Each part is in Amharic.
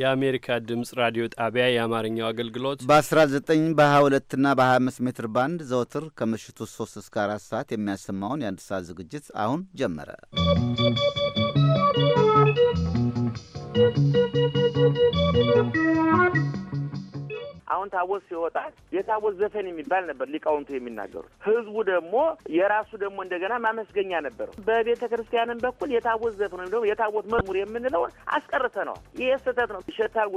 የአሜሪካ ድምፅ ራዲዮ ጣቢያ የአማርኛው አገልግሎት በ19 በ22 እና በ25 ሜትር ባንድ ዘወትር ከምሽቱ 3 እስከ 4 ሰዓት የሚያሰማውን የአንድ ሰዓት ዝግጅት አሁን ጀመረ። ታቦት ሲወጣ የታቦት ዘፈን የሚባል ነበር ሊቃውንቱ የሚናገሩት። ህዝቡ ደግሞ የራሱ ደግሞ እንደገና ማመስገኛ ነበረው። በቤተ ክርስቲያንም በኩል የታቦት ዘፈን ወይም ደግሞ የታቦት መዝሙር የምንለውን ነው። ይህ ስህተት ነው። ይሸታል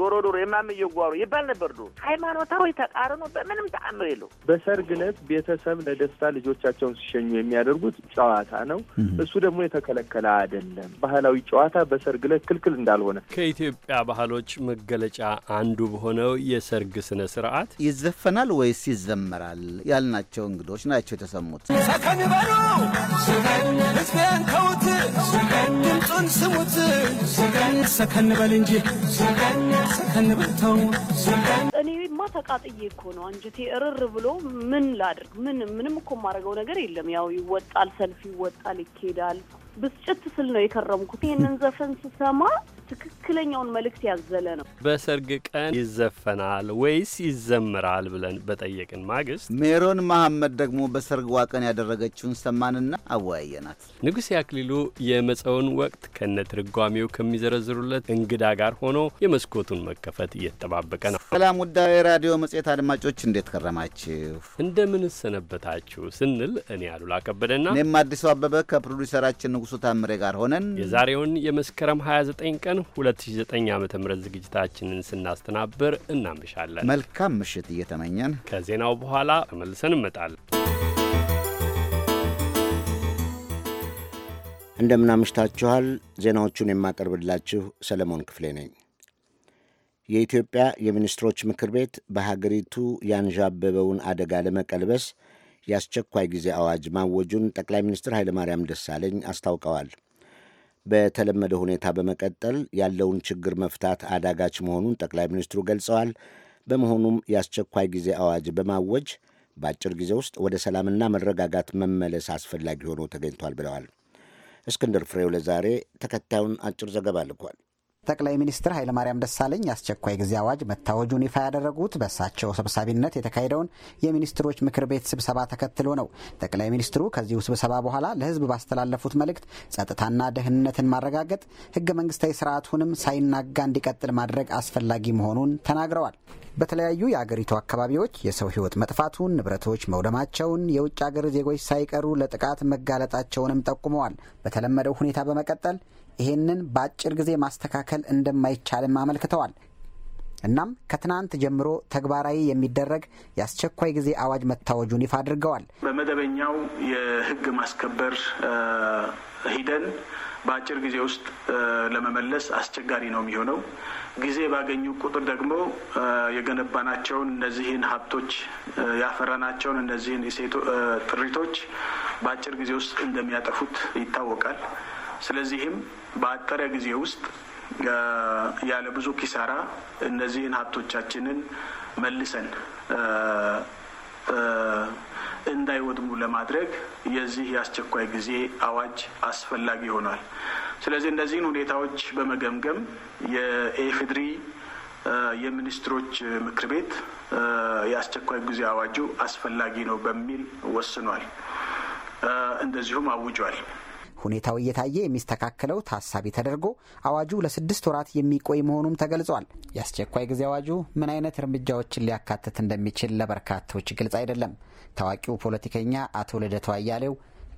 ዶሮ ዶሮ የማምየ ጓሮ ይባል ነበር ዶ ሃይማኖታዊ ተቃርኖ በምንም ተአምር የለው። በሰርግ ዕለት ቤተሰብ ለደስታ ልጆቻቸውን ሲሸኙ የሚያደርጉት ጨዋታ ነው። እሱ ደግሞ የተከለከለ አይደለም። ባህላዊ ጨዋታ በሰርግ ዕለት ክልክል እንዳልሆነ ከኢትዮጵያ ባህሎች መገለጫ አንዱ በሆነው የሰርግ ስነ ስርዓት ይዘፈናል ወይስ ይዘመራል ያልናቸው እንግዶች ናቸው የተሰሙት። ሰከን በሉ ከውት ድምፁን ስሙት ሰከን በል እንጂ ሰከን በልተው እኔማ ተቃጥዬ እኮ ነው አንጀቴ እርር ብሎ ምን ላድርግ? ምን ምንም እኮ የማደርገው ነገር የለም። ያው ይወጣል፣ ሰልፍ ይወጣል፣ ይኬዳል። ብስጭት ስል ነው የከረምኩት። ይህንን ዘፈን ስሰማ ትክክለኛውን መልእክት ያዘለ ነው። በሰርግ ቀን ይዘፈናል ወይስ ይዘምራል ብለን በጠየቅን ማግስት ሜሮን መሐመድ ደግሞ በሰርግዋ ቀን ያደረገችውን ሰማንና አወያየናት። ንጉሴ አክሊሉ የመጸውን ወቅት ከነ ትርጓሜው ከሚዘረዝሩለት እንግዳ ጋር ሆኖ የመስኮቱን መከፈት እየተጠባበቀ ነው። ሰላም ውዳዊ ራዲዮ መጽሔት አድማጮች እንዴት ከረማችሁ? እንደምን ሰነበታችሁ ስንል እኔ አሉላ ከበደና እኔም አዲሱ አበበ ከፕሮዲሰራችን ንጉሱ ታምሬ ጋር ሆነን የዛሬውን የመስከረም 29 ቀን 2009 ዓ ም ዝግጅታችንን ስናስተናብር እናምሻለን። መልካም ምሽት እየተመኘን ከዜናው በኋላ ተመልሰን እንመጣለን። እንደምናምሽታችኋል። ዜናዎቹን የማቀርብላችሁ ሰለሞን ክፍሌ ነኝ። የኢትዮጵያ የሚኒስትሮች ምክር ቤት በሀገሪቱ ያንዣበበውን አደጋ ለመቀልበስ የአስቸኳይ ጊዜ አዋጅ ማወጁን ጠቅላይ ሚኒስትር ኃይለማርያም ደሳለኝ አስታውቀዋል። በተለመደ ሁኔታ በመቀጠል ያለውን ችግር መፍታት አዳጋች መሆኑን ጠቅላይ ሚኒስትሩ ገልጸዋል። በመሆኑም የአስቸኳይ ጊዜ አዋጅ በማወጅ በአጭር ጊዜ ውስጥ ወደ ሰላምና መረጋጋት መመለስ አስፈላጊ ሆኖ ተገኝቷል ብለዋል። እስክንድር ፍሬው ለዛሬ ተከታዩን አጭር ዘገባ ልኳል። ጠቅላይ ሚኒስትር ኃይለማርያም ደሳለኝ የአስቸኳይ ጊዜ አዋጅ መታወጁን ይፋ ያደረጉት በእሳቸው ሰብሳቢነት የተካሄደውን የሚኒስትሮች ምክር ቤት ስብሰባ ተከትሎ ነው። ጠቅላይ ሚኒስትሩ ከዚሁ ስብሰባ በኋላ ለሕዝብ ባስተላለፉት መልእክት ጸጥታና ደህንነትን ማረጋገጥ፣ ህገ መንግስታዊ ስርዓቱንም ሳይናጋ እንዲቀጥል ማድረግ አስፈላጊ መሆኑን ተናግረዋል። በተለያዩ የአገሪቱ አካባቢዎች የሰው ህይወት መጥፋቱን፣ ንብረቶች መውደማቸውን፣ የውጭ አገር ዜጎች ሳይቀሩ ለጥቃት መጋለጣቸውንም ጠቁመዋል። በተለመደው ሁኔታ በመቀጠል ይህንን በአጭር ጊዜ ማስተካከል እንደማይቻልም አመልክተዋል። እናም ከትናንት ጀምሮ ተግባራዊ የሚደረግ የአስቸኳይ ጊዜ አዋጅ መታወጁን ይፋ አድርገዋል። በመደበኛው የሕግ ማስከበር ሂደን በአጭር ጊዜ ውስጥ ለመመለስ አስቸጋሪ ነው የሚሆነው። ጊዜ ባገኙ ቁጥር ደግሞ የገነባናቸውን እነዚህን ሀብቶች ያፈራናቸውን እነዚህን ጥሪቶች በአጭር ጊዜ ውስጥ እንደሚያጠፉት ይታወቃል። ስለዚህም በአጠረ ጊዜ ውስጥ ያለ ብዙ ኪሳራ እነዚህን ሀብቶቻችንን መልሰን እንዳይወድሙ ለማድረግ የዚህ የአስቸኳይ ጊዜ አዋጅ አስፈላጊ ሆኗል። ስለዚህ እነዚህን ሁኔታዎች በመገምገም የኤፍድሪ የሚኒስትሮች ምክር ቤት የአስቸኳይ ጊዜ አዋጁ አስፈላጊ ነው በሚል ወስኗል፣ እንደዚሁም አውጇል። ሁኔታው እየታየ የሚስተካከለው ታሳቢ ተደርጎ አዋጁ ለስድስት ወራት የሚቆይ መሆኑም ተገልጿል። የአስቸኳይ ጊዜ አዋጁ ምን አይነት እርምጃዎችን ሊያካትት እንደሚችል ለበርካቶች ግልጽ አይደለም። ታዋቂው ፖለቲከኛ አቶ ልደቱ አያሌው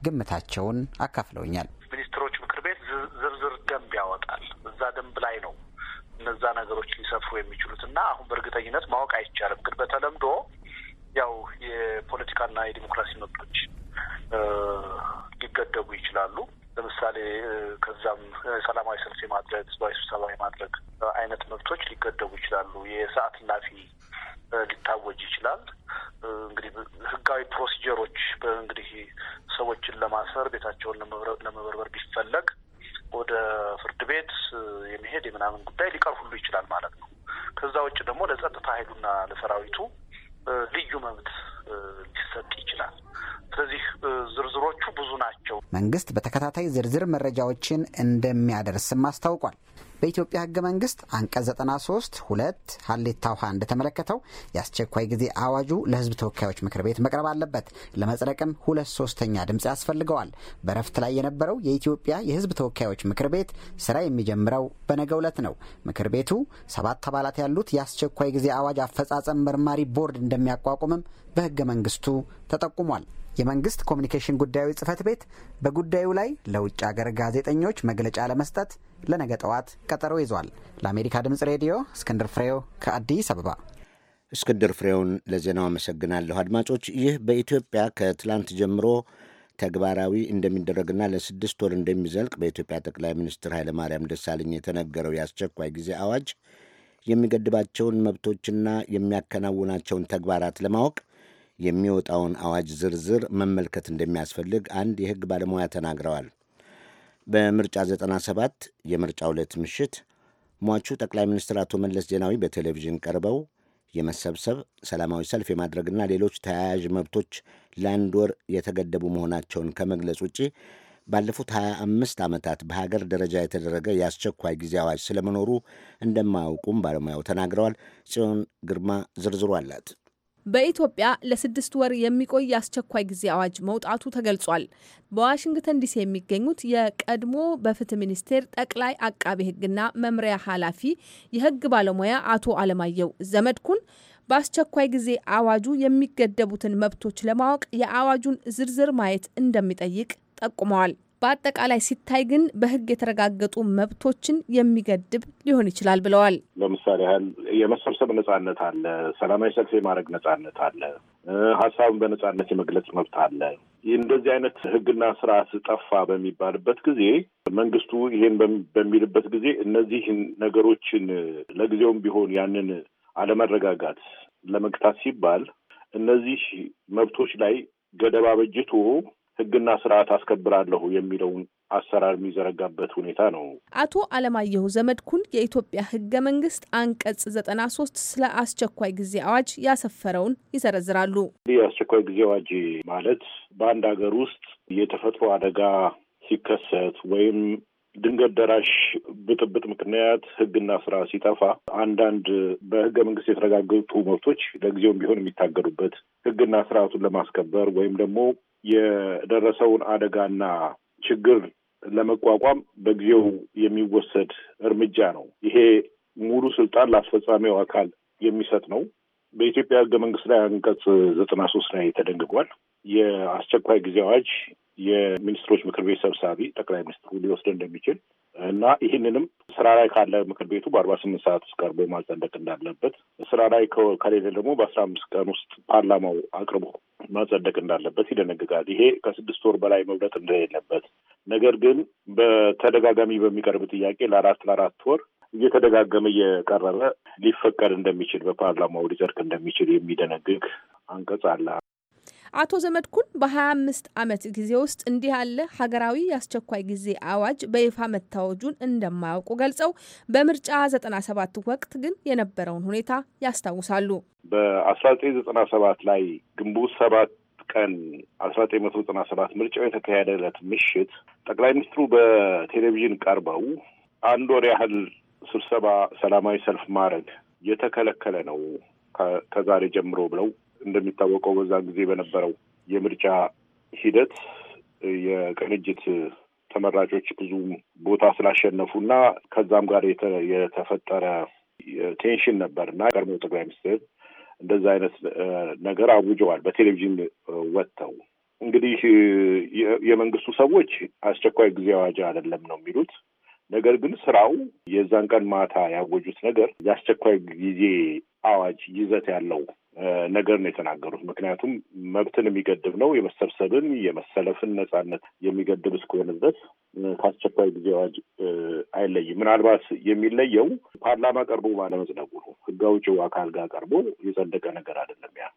ግምታቸውን አካፍለውኛል። ሚኒስትሮች ምክር ቤት ዝርዝር ደንብ ያወጣል። እዛ ደንብ ላይ ነው እነዛ ነገሮች ሊሰፍሩ የሚችሉት እና አሁን በእርግጠኝነት ማወቅ አይቻልም። ግን በተለምዶ ያው የፖለቲካና የዲሞክራሲ መብቶች ሊገደቡ ይችላሉ። ለምሳሌ ከዛም ሰላማዊ ሰልፍ የማድረግ ህዝባዊ ስብሰባ የማድረግ አይነት መብቶች ሊገደቡ ይችላሉ። የሰዓት እላፊ ሊታወጅ ይችላል። እንግዲህ ህጋዊ ፕሮሲጀሮች እንግዲህ ሰዎችን ለማሰር ቤታቸውን ለመበርበር ቢፈለግ ወደ ፍርድ ቤት የመሄድ የምናምን ጉዳይ ሊቀር ሁሉ ይችላል ማለት ነው። ከዛ ውጭ ደግሞ ለጸጥታ ኃይሉና ለሰራዊቱ ልዩ መብት ሊሰጥ ይችላል። ስለዚህ ዝርዝሮቹ ብዙ ናቸው። መንግስት በተከታታይ ዝርዝር መረጃዎችን እንደሚያደርስም አስታውቋል። በኢትዮጵያ ህገ መንግስት አንቀጽ 93 ሁለት ሀሌታ ውሃ እንደተመለከተው የአስቸኳይ ጊዜ አዋጁ ለህዝብ ተወካዮች ምክር ቤት መቅረብ አለበት። ለመጽደቅም ሁለት ሶስተኛ ድምፅ ያስፈልገዋል። በረፍት ላይ የነበረው የኢትዮጵያ የህዝብ ተወካዮች ምክር ቤት ስራ የሚጀምረው በነገ ዕለት ነው። ምክር ቤቱ ሰባት አባላት ያሉት የአስቸኳይ ጊዜ አዋጅ አፈጻጸም መርማሪ ቦርድ እንደሚያቋቁምም በህገ መንግስቱ ተጠቁሟል። የመንግስት ኮሚኒኬሽን ጉዳዮች ጽህፈት ቤት በጉዳዩ ላይ ለውጭ አገር ጋዜጠኞች መግለጫ ለመስጠት ለነገ ጠዋት ቀጠሮ ይዟል። ለአሜሪካ ድምፅ ሬዲዮ እስክንድር ፍሬው ከአዲስ አበባ። እስክንድር ፍሬውን ለዜናው አመሰግናለሁ። አድማጮች፣ ይህ በኢትዮጵያ ከትላንት ጀምሮ ተግባራዊ እንደሚደረግና ለስድስት ወር እንደሚዘልቅ በኢትዮጵያ ጠቅላይ ሚኒስትር ኃይለማርያም ደሳለኝ የተነገረው የአስቸኳይ ጊዜ አዋጅ የሚገድባቸውን መብቶችና የሚያከናውናቸውን ተግባራት ለማወቅ የሚወጣውን አዋጅ ዝርዝር መመልከት እንደሚያስፈልግ አንድ የሕግ ባለሙያ ተናግረዋል። በምርጫ 97 የምርጫ ዕለት ምሽት ሟቹ ጠቅላይ ሚኒስትር አቶ መለስ ዜናዊ በቴሌቪዥን ቀርበው የመሰብሰብ ሰላማዊ ሰልፍ የማድረግና ሌሎች ተያያዥ መብቶች ለአንድ ወር የተገደቡ መሆናቸውን ከመግለጽ ውጪ ባለፉት 25 ዓመታት በሀገር ደረጃ የተደረገ የአስቸኳይ ጊዜ አዋጅ ስለመኖሩ እንደማያውቁም ባለሙያው ተናግረዋል። ጽዮን ግርማ ዝርዝሩ አላት። በኢትዮጵያ ለስድስት ወር የሚቆይ የአስቸኳይ ጊዜ አዋጅ መውጣቱ ተገልጿል። በዋሽንግተን ዲሲ የሚገኙት የቀድሞ በፍትህ ሚኒስቴር ጠቅላይ አቃቤ ሕግና መምሪያ ኃላፊ የሕግ ባለሙያ አቶ አለማየሁ ዘመድኩን በአስቸኳይ ጊዜ አዋጁ የሚገደቡትን መብቶች ለማወቅ የአዋጁን ዝርዝር ማየት እንደሚጠይቅ ጠቁመዋል። በአጠቃላይ ሲታይ ግን በህግ የተረጋገጡ መብቶችን የሚገድብ ሊሆን ይችላል ብለዋል። ለምሳሌ ያህል የመሰብሰብ ነጻነት አለ፣ ሰላማዊ ሰልፍ የማድረግ ነጻነት አለ፣ ሀሳብን በነጻነት የመግለጽ መብት አለ። እንደዚህ አይነት ህግና ስርዓት ጠፋ በሚባልበት ጊዜ መንግስቱ ይሄን በሚልበት ጊዜ እነዚህ ነገሮችን ለጊዜውም ቢሆን ያንን አለመረጋጋት ለመግታት ሲባል እነዚህ መብቶች ላይ ገደባ በጅቶ ህግና ስርዓት አስከብራለሁ የሚለውን አሰራር የሚዘረጋበት ሁኔታ ነው። አቶ አለማየሁ ዘመድኩን የኢትዮጵያ ህገ መንግስት አንቀጽ ዘጠና ሶስት ስለ አስቸኳይ ጊዜ አዋጅ ያሰፈረውን ይዘረዝራሉ። የአስቸኳይ ጊዜ አዋጅ ማለት በአንድ ሀገር ውስጥ የተፈጥሮ አደጋ ሲከሰት ወይም ድንገት ደራሽ ብጥብጥ ምክንያት ህግና ስራ ሲጠፋ አንዳንድ በህገ መንግስት የተረጋገጡ መብቶች ለጊዜውም ቢሆን የሚታገዱበት ህግና ስርዓቱን ለማስከበር ወይም ደግሞ የደረሰውን አደጋና ችግር ለመቋቋም በጊዜው የሚወሰድ እርምጃ ነው። ይሄ ሙሉ ስልጣን ለአስፈጻሚው አካል የሚሰጥ ነው። በኢትዮጵያ ሕገ መንግስት ላይ አንቀጽ ዘጠና ሶስት ላይ ተደንግጓል። የአስቸኳይ ጊዜ አዋጅ የሚኒስትሮች ምክር ቤት ሰብሳቢ ጠቅላይ ሚኒስትሩ ሊወስድ እንደሚችል እና ይህንንም ስራ ላይ ካለ ምክር ቤቱ በአርባ ስምንት ሰዓት ውስጥ ቀርቦ ማጸደቅ እንዳለበት፣ ስራ ላይ ከሌለ ደግሞ በአስራ አምስት ቀን ውስጥ ፓርላማው አቅርቦ ማጸደቅ እንዳለበት ይደነግጋል። ይሄ ከስድስት ወር በላይ መብለጥ እንደሌለበት፣ ነገር ግን በተደጋጋሚ በሚቀርብ ጥያቄ ለአራት ለአራት ወር እየተደጋገመ እየቀረበ ሊፈቀድ እንደሚችል በፓርላማው ሊጸድቅ እንደሚችል የሚደነግግ አንቀጽ አለ። አቶ ዘመድኩን በ25 ዓመት ጊዜ ውስጥ እንዲህ ያለ ሀገራዊ የአስቸኳይ ጊዜ አዋጅ በይፋ መታወጁን እንደማያውቁ ገልጸው በምርጫ 97 ወቅት ግን የነበረውን ሁኔታ ያስታውሳሉ። በ1997 ላይ ግንቦት ሰባት ቀን አስራ መቶ ዘጠና ሰባት ምርጫው የተካሄደለት ምሽት ጠቅላይ ሚኒስትሩ በቴሌቪዥን ቀርበው አንድ ወር ያህል ስብሰባ፣ ሰላማዊ ሰልፍ ማድረግ የተከለከለ ነው ከዛሬ ጀምሮ ብለው እንደሚታወቀው በዛ ጊዜ በነበረው የምርጫ ሂደት የቅንጅት ተመራጮች ብዙ ቦታ ስላሸነፉ እና ከዛም ጋር የተፈጠረ ቴንሽን ነበር እና ቀድሞ ጠቅላይ ሚኒስትር እንደዛ አይነት ነገር አውጀዋል። በቴሌቪዥን ወጥተው እንግዲህ የመንግስቱ ሰዎች አስቸኳይ ጊዜ አዋጅ አይደለም ነው የሚሉት። ነገር ግን ስራው የዛን ቀን ማታ ያወጁት ነገር የአስቸኳይ ጊዜ አዋጅ ይዘት ያለው ነገር ነው የተናገሩት። ምክንያቱም መብትን የሚገድብ ነው። የመሰብሰብን የመሰለፍን ነጻነት የሚገድብ እስከሆነ ድረስ ከአስቸኳይ ጊዜ አዋጅ አይለይም። ምናልባት የሚለየው ፓርላማ ቀርቦ ባለመጽደቁ ነው። ሕግ አውጪው አካል ጋር ቀርቦ የጸደቀ ነገር አይደለም ያ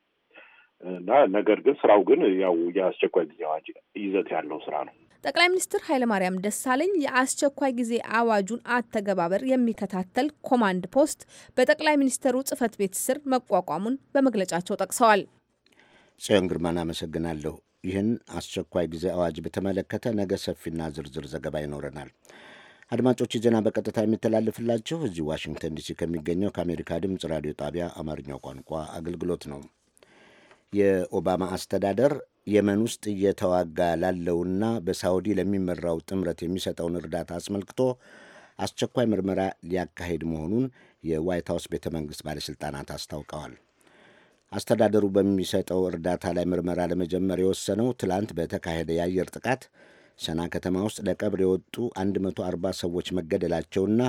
እና ነገር ግን ስራው ግን ያው የአስቸኳይ ጊዜ አዋጅ ይዘት ያለው ስራ ነው። ጠቅላይ ሚኒስትር ኃይለማርያም ደሳለኝ የአስቸኳይ ጊዜ አዋጁን አተገባበር የሚከታተል ኮማንድ ፖስት በጠቅላይ ሚኒስትሩ ጽህፈት ቤት ስር መቋቋሙን በመግለጫቸው ጠቅሰዋል። ጽዮን ግርማን አመሰግናለሁ። ይህን አስቸኳይ ጊዜ አዋጅ በተመለከተ ነገ ሰፊና ዝርዝር ዘገባ ይኖረናል። አድማጮች ዜና በቀጥታ የሚተላለፍላቸው እዚህ ዋሽንግተን ዲሲ ከሚገኘው ከአሜሪካ ድምፅ ራዲዮ ጣቢያ አማርኛው ቋንቋ አገልግሎት ነው። የኦባማ አስተዳደር የመን ውስጥ እየተዋጋ ላለውና በሳውዲ ለሚመራው ጥምረት የሚሰጠውን እርዳታ አስመልክቶ አስቸኳይ ምርመራ ሊያካሄድ መሆኑን የዋይት ሀውስ ቤተ መንግሥት ባለሥልጣናት አስታውቀዋል። አስተዳደሩ በሚሰጠው እርዳታ ላይ ምርመራ ለመጀመር የወሰነው ትላንት በተካሄደ የአየር ጥቃት ሰና ከተማ ውስጥ ለቀብር የወጡ 140 ሰዎች መገደላቸውና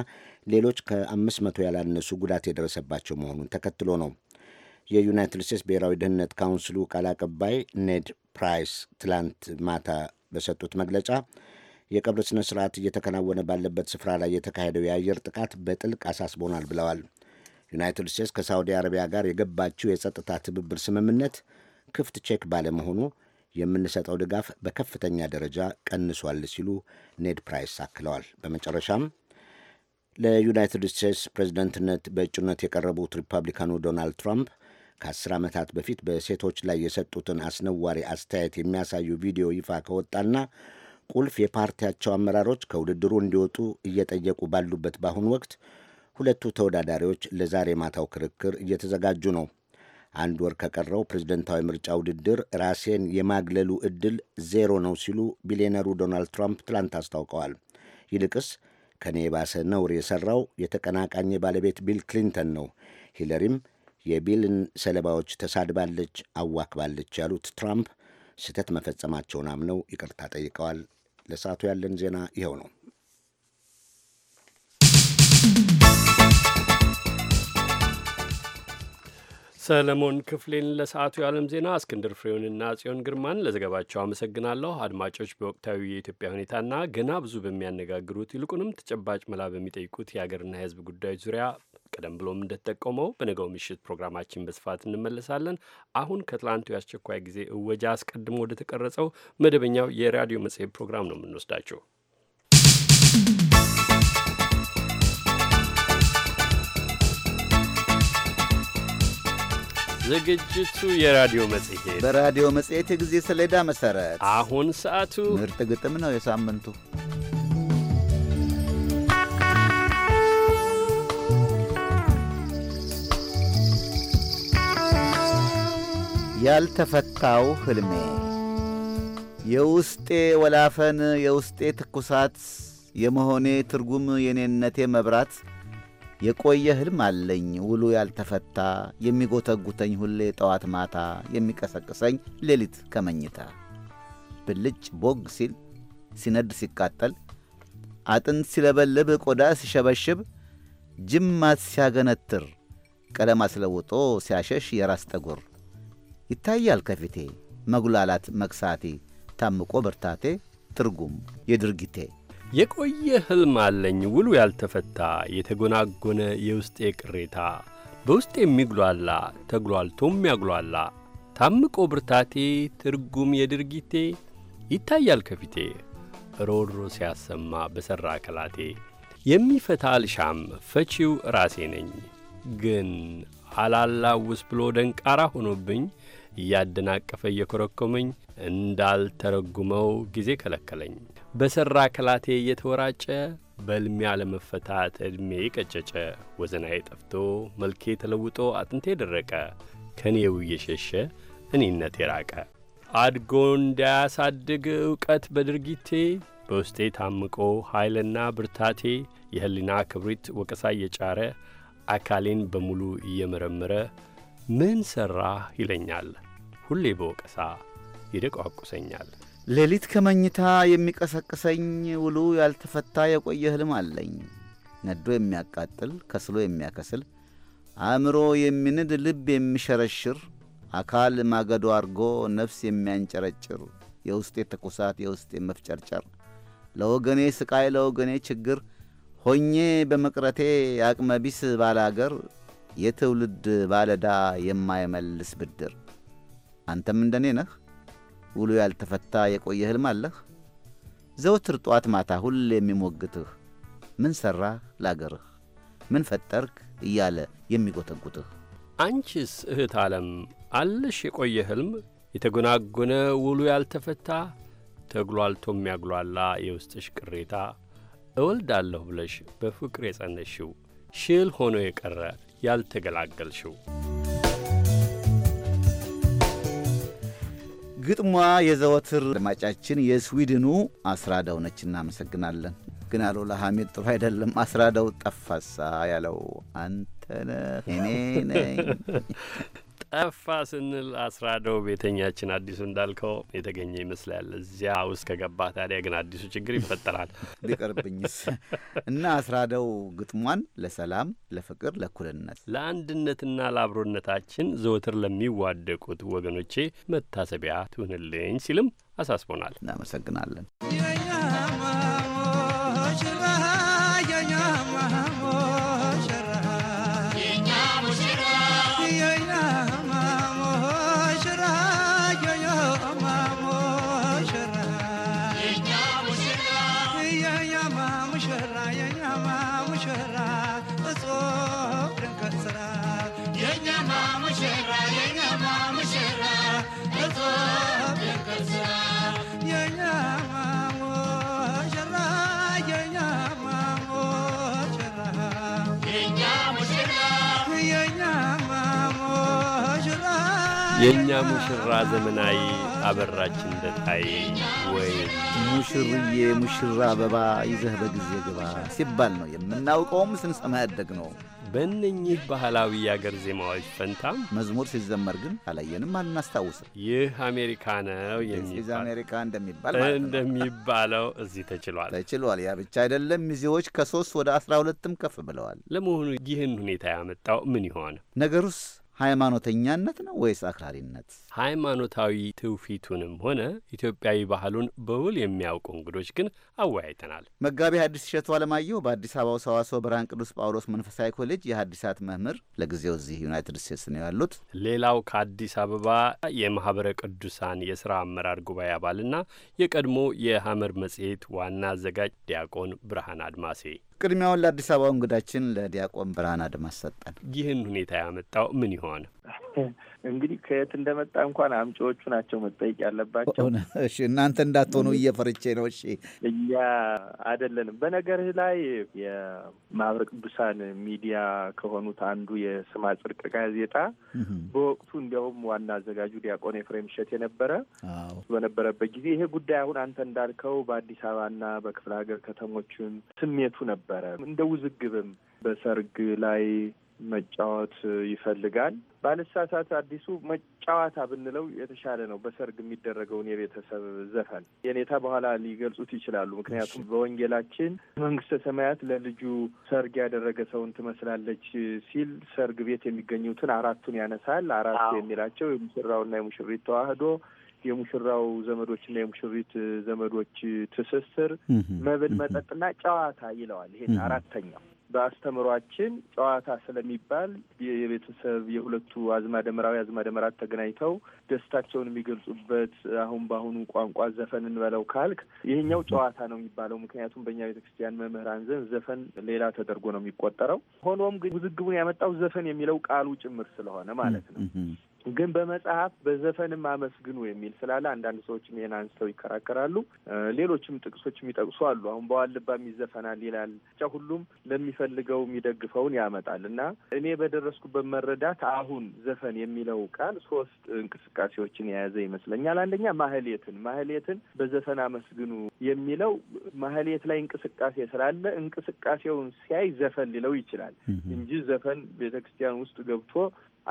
ሌሎች ከ500 ያላነሱ ጉዳት የደረሰባቸው መሆኑን ተከትሎ ነው። የዩናይትድ ስቴትስ ብሔራዊ ደህንነት ካውንስሉ ቃል አቀባይ ኔድ ፕራይስ ትላንት ማታ በሰጡት መግለጫ የቀብር ስነ ስርዓት እየተከናወነ ባለበት ስፍራ ላይ የተካሄደው የአየር ጥቃት በጥልቅ አሳስቦናል ብለዋል። ዩናይትድ ስቴትስ ከሳዑዲ አረቢያ ጋር የገባችው የጸጥታ ትብብር ስምምነት ክፍት ቼክ ባለመሆኑ የምንሰጠው ድጋፍ በከፍተኛ ደረጃ ቀንሷል ሲሉ ኔድ ፕራይስ አክለዋል። በመጨረሻም ለዩናይትድ ስቴትስ ፕሬዝደንትነት በእጩነት የቀረቡት ሪፐብሊካኑ ዶናልድ ትራምፕ ከአስር ዓመታት በፊት በሴቶች ላይ የሰጡትን አስነዋሪ አስተያየት የሚያሳዩ ቪዲዮ ይፋ ከወጣና ቁልፍ የፓርቲያቸው አመራሮች ከውድድሩ እንዲወጡ እየጠየቁ ባሉበት በአሁኑ ወቅት ሁለቱ ተወዳዳሪዎች ለዛሬ ማታው ክርክር እየተዘጋጁ ነው። አንድ ወር ከቀረው ፕሬዝደንታዊ ምርጫ ውድድር ራሴን የማግለሉ እድል ዜሮ ነው ሲሉ ቢሊዮነሩ ዶናልድ ትራምፕ ትላንት አስታውቀዋል። ይልቅስ ከኔ የባሰ ነውር የሠራው የተቀናቃኝ ባለቤት ቢል ክሊንተን ነው ሂለሪም የቢልን ሰለባዎች ተሳድባለች፣ አዋክባለች ያሉት ትራምፕ ስህተት መፈጸማቸውን አምነው ይቅርታ ጠይቀዋል። ለሰዓቱ ያለን ዜና ይኸው ነው። ሰለሞን ክፍሌን ለሰዓቱ የዓለም ዜና፣ እስክንድር ፍሬውንና ጽዮን ግርማን ለዘገባቸው አመሰግናለሁ። አድማጮች፣ በወቅታዊ የኢትዮጵያ ሁኔታና ገና ብዙ በሚያነጋግሩት ይልቁንም ተጨባጭ መላ በሚጠይቁት የሀገርና የሕዝብ ጉዳዮች ዙሪያ ቀደም ብሎም እንደተጠቆመው በነገው ምሽት ፕሮግራማችን በስፋት እንመለሳለን። አሁን ከትላንቱ የአስቸኳይ ጊዜ እወጃ አስቀድሞ ወደ ተቀረጸው መደበኛው የራዲዮ መጽሔት ፕሮግራም ነው የምንወስዳቸው። ዝግጅቱ የራዲዮ መጽሔት በራዲዮ መጽሔት የጊዜ ሰሌዳ መሠረት አሁን ሰዓቱ ምርጥ ግጥም ነው። የሳምንቱ ያልተፈታው ሕልሜ የውስጤ ወላፈን የውስጤ ትኩሳት የመሆኔ ትርጉም የኔነቴ መብራት የቆየ ህልም አለኝ ውሉ ያልተፈታ የሚጎተጉተኝ ሁሌ ጠዋት ማታ የሚቀሰቅሰኝ ሌሊት ከመኝታ ብልጭ ቦግ ሲል ሲነድ ሲቃጠል አጥንት ሲለበልብ ቆዳ ሲሸበሽብ ጅማት ሲያገነትር ቀለም አስለውጦ ሲያሸሽ የራስ ጠጉር ይታያል ከፊቴ መጉላላት መክሳቴ ታምቆ ብርታቴ ትርጉም የድርጊቴ የቆየ ህልም አለኝ ውሉ ያልተፈታ የተጎናጎነ የውስጤ ቅሬታ በውስጤ የሚግሏላ ተግሏልቶም ያግሏላ ታምቆ ብርታቴ ትርጉም የድርጊቴ ይታያል ከፊቴ ሮሮ ሲያሰማ በሠራ ከላቴ የሚፈታ አልሻም ፈቺው ራሴ ነኝ ግን አላላውስ ብሎ ደንቃራ ሆኖብኝ እያደናቀፈ እየኮረኮመኝ እንዳልተረጉመው ጊዜ ከለከለኝ በሠራ ከላቴ እየተወራጨ በልሚያ ለመፈታት ዕድሜ ቀጨጨ። ወዘናዬ ጠፍቶ መልኬ ተለውጦ አጥንቴ ደረቀ። ከኔው እየሸሸ እኔነት የራቀ አድጎ እንዳያሳድግ እውቀት በድርጊቴ በውስጤ ታምቆ ኃይልና ብርታቴ የህሊና ክብሪት ወቀሳ እየጫረ አካሌን በሙሉ እየመረመረ ምን ሠራህ ይለኛል ሁሌ በወቀሳ ይደቋቁሰኛል። ሌሊት ከመኝታ የሚቀሰቅሰኝ ውሉ ያልተፈታ የቆየ ህልም አለኝ። ነዶ የሚያቃጥል ከስሎ የሚያከስል አእምሮ የሚንድ ልብ የሚሸረሽር አካል ማገዶ አርጎ ነፍስ የሚያንጨረጭር የውስጤ ትኩሳት የውስጤ መፍጨርጨር ለወገኔ ስቃይ ለወገኔ ችግር ሆኜ በመቅረቴ አቅመቢስ ባላገር ባለ የትውልድ ባለዳ የማይመልስ ብድር አንተም እንደኔ ነህ ውሎ ያልተፈታ የቆየ ህልም አለህ? ዘውትር ጧት ማታ ሁሌ የሚሞግትህ ምን ሠራህ ላገርህ፣ ምን ፈጠርክ እያለ የሚጎተጉትህ። አንቺስ እህት ዓለም አለሽ የቆየ ህልም የተጎናጎነ ውሉ ያልተፈታ ተግሏልቶ የሚያጉሏላ የውስጥሽ ቅሬታ እወልዳለሁ ብለሽ በፍቅር የጸነሽው ሽል ሆኖ የቀረ ያልተገላገልሽው ግጥሟ የዘወትር አድማጫችን የስዊድኑ አስራዳው ነች። እናመሰግናለን። ግን አሉላ ሐሚድ ጥሩ አይደለም። አስራዳው ጠፋሳ ያለው አንተ ነህ እኔ ነኝ። ጠፋ ስንል አስራደው ቤተኛችን አዲሱ እንዳልከው የተገኘ ይመስላል። እዚያ ውስጥ ከገባ ታዲያ ግን አዲሱ ችግር ይፈጠራል። ቢቀርብኝስ እና አስራደው ግጥሟን ለሰላም፣ ለፍቅር፣ ለእኩልነት፣ ለአንድነትና ለአብሮነታችን ዘወትር ለሚዋደቁት ወገኖቼ መታሰቢያ ትሁንልኝ ሲልም አሳስቦናል። እናመሰግናለን። የእኛ ሙሽራ ዘመናዊ አበራች እንደ ጣይ ወይ ሙሽርዬ ሙሽራ አበባ ይዘህ በጊዜ ግባ ሲባል ነው የምናውቀውም ስንሰማ ያደግ ነው። በእነኚህ ባህላዊ የአገር ዜማዎች ፈንታም መዝሙር ሲዘመር ግን አላየንም፣ አልናስታውስም። ይህ አሜሪካ ነው የሚዚ አሜሪካ እንደሚባል እንደሚባለው እዚህ ተችሏል ተችሏል። ያ ብቻ አይደለም፣ ሚዜዎች ከሶስት ወደ አስራ ሁለትም ከፍ ብለዋል። ለመሆኑ ይህን ሁኔታ ያመጣው ምን ይሆን ነገሩስ? ሃይማኖተኛነት ነው ወይስ አክራሪነት? ሃይማኖታዊ ትውፊቱንም ሆነ ኢትዮጵያዊ ባህሉን በውል የሚያውቁ እንግዶች ግን አወያይተናል። መጋቢ ሐዲስ እሸቱ አለማየሁ በአዲስ አበባው ሰዋስወ ብርሃን ቅዱስ ጳውሎስ መንፈሳዊ ኮሌጅ የሐዲሳት መምህር፣ ለጊዜው እዚህ ዩናይትድ ስቴትስ ነው ያሉት። ሌላው ከአዲስ አበባ የማኅበረ ቅዱሳን የሥራ አመራር ጉባኤ አባልና የቀድሞ የሐመር መጽሔት ዋና አዘጋጅ ዲያቆን ብርሃን አድማሴ ቅድሚያውን ለአዲስ አበባው እንግዳችን ለዲያቆን ብርሃን አድማስ ሰጠን። ይህን ሁኔታ ያመጣው ምን ይሆን? እንግዲህ ከየት እንደመጣ እንኳን አምጪዎቹ ናቸው መጠየቅ ያለባቸው። እናንተ እንዳትሆኑ እየፈርቼ ነው። እሺ እኛ አይደለንም። በነገርህ ላይ የማህበረ ቅዱሳን ሚዲያ ከሆኑት አንዱ የስማ ጽድቅ ጋዜጣ በወቅቱ እንዲያውም ዋና አዘጋጁ ዲያቆን ኤፍሬም ሸት የነበረ በነበረበት ጊዜ ይሄ ጉዳይ አሁን አንተ እንዳልከው በአዲስ አበባና በክፍለ ሀገር ከተሞችም ስሜቱ ነበረ እንደ ውዝግብም በሰርግ ላይ መጫወት ይፈልጋል። ባልሳሳት አዲሱ መጫዋታ ብንለው የተሻለ ነው። በሰርግ የሚደረገውን የቤተሰብ ዘፈን የኔታ በኋላ ሊገልጹት ይችላሉ። ምክንያቱም በወንጌላችን መንግስተ ሰማያት ለልጁ ሰርግ ያደረገ ሰውን ትመስላለች ሲል ሰርግ ቤት የሚገኙትን አራቱን ያነሳል። አራቱ የሚላቸው የሙሽራውና የሙሽሪት ተዋህዶ የሙሽራው ዘመዶችና የሙሽሪት ዘመዶች ትስስር፣ መብል፣ መጠጥና ጨዋታ ይለዋል። ይሄን አራተኛው በአስተምሯችን ጨዋታ ስለሚባል የቤተሰብ የሁለቱ አዝማደምራዊ አዝማደምራት ተገናኝተው ደስታቸውን የሚገልጹበት አሁን በአሁኑ ቋንቋ ዘፈን እንበለው ካልክ ይህኛው ጨዋታ ነው የሚባለው። ምክንያቱም በእኛ ቤተክርስቲያን መምህራን ዘንድ ዘፈን ሌላ ተደርጎ ነው የሚቆጠረው። ሆኖም ግን ውዝግቡን ያመጣው ዘፈን የሚለው ቃሉ ጭምር ስለሆነ ማለት ነው። ግን በመጽሐፍ በዘፈንም አመስግኑ የሚል ስላለ አንዳንድ ሰዎችም ይህን አንስተው ይከራከራሉ። ሌሎችም ጥቅሶች የሚጠቅሱ አሉ። አሁን በዋልባም ይዘፈናል ይላል። ብቻ ሁሉም ለሚፈልገው የሚደግፈውን ያመጣል እና እኔ በደረስኩበት መረዳት አሁን ዘፈን የሚለው ቃል ሶስት እንቅስቃሴዎችን የያዘ ይመስለኛል። አንደኛ ማህሌትን ማህሌትን በዘፈን አመስግኑ የሚለው ማህሌት ላይ እንቅስቃሴ ስላለ እንቅስቃሴውን ሲያይ ዘፈን ሊለው ይችላል እንጂ ዘፈን ቤተክርስቲያን ውስጥ ገብቶ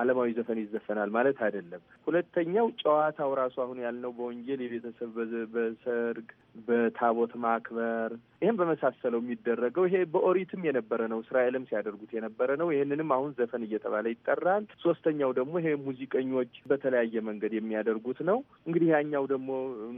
አለማዊ ዘፈን ይዘፈናል ማለት አይደለም። ሁለተኛው ጨዋታው ራሱ አሁን ያልነው በወንጌል የቤተሰብ በሰርግ በታቦት ማክበር ይህም በመሳሰለው የሚደረገው ይሄ በኦሪትም የነበረ ነው። እስራኤልም ሲያደርጉት የነበረ ነው። ይህንንም አሁን ዘፈን እየተባለ ይጠራል። ሶስተኛው ደግሞ ይሄ ሙዚቀኞች በተለያየ መንገድ የሚያደርጉት ነው። እንግዲህ ያኛው ደግሞ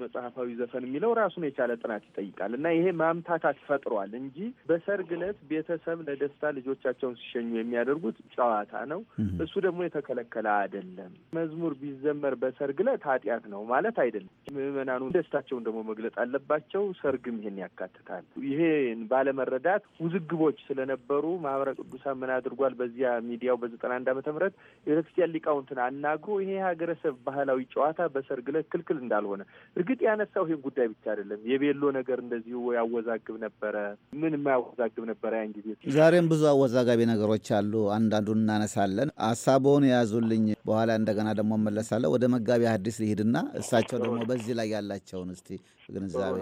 መጽሐፋዊ ዘፈን የሚለው ራሱን የቻለ ጥናት ይጠይቃል እና ይሄ ማምታታት ፈጥሯል እንጂ በሰርግ ዕለት ቤተሰብ ለደስታ ልጆቻቸውን ሲሸኙ የሚያደርጉት ጨዋታ ነው። እሱ ደግሞ የተከለከለ አይደለም። መዝሙር ቢዘመር በሰርግ ዕለት ኃጢአት ነው ማለት አይደለም። ምዕመናኑ ደስታቸውን ደግሞ መግለጽ አለበት። ያለባቸው ሰርግም ይሄን ያካትታል። ይሄን ባለመረዳት ውዝግቦች ስለነበሩ ማህበረ ቅዱሳን ምን አድርጓል? በዚያ ሚዲያው በዘጠና አንድ ዓመተ ምህረት የቤተክርስቲያን ሊቃውንትን አናግሮ ይሄ ሀገረሰብ ባህላዊ ጨዋታ በሰርግ ዕለት ክልክል እንዳልሆነ እርግጥ ያነሳው ይሄን ጉዳይ ብቻ አይደለም። የቤሎ ነገር እንደዚሁ ያወዛግብ ነበረ። ምን የማያወዛግብ ነበረ ያን ጊዜ። ዛሬም ብዙ አወዛጋቢ ነገሮች አሉ። አንዳንዱን እናነሳለን። ሀሳቦን የያዙልኝ በኋላ እንደገና ደግሞ እመለሳለሁ። ወደ መጋቢ አዲስ ሊሄድና እሳቸው ደግሞ በዚህ ላይ ያላቸውን እስቲ ግንዛቤ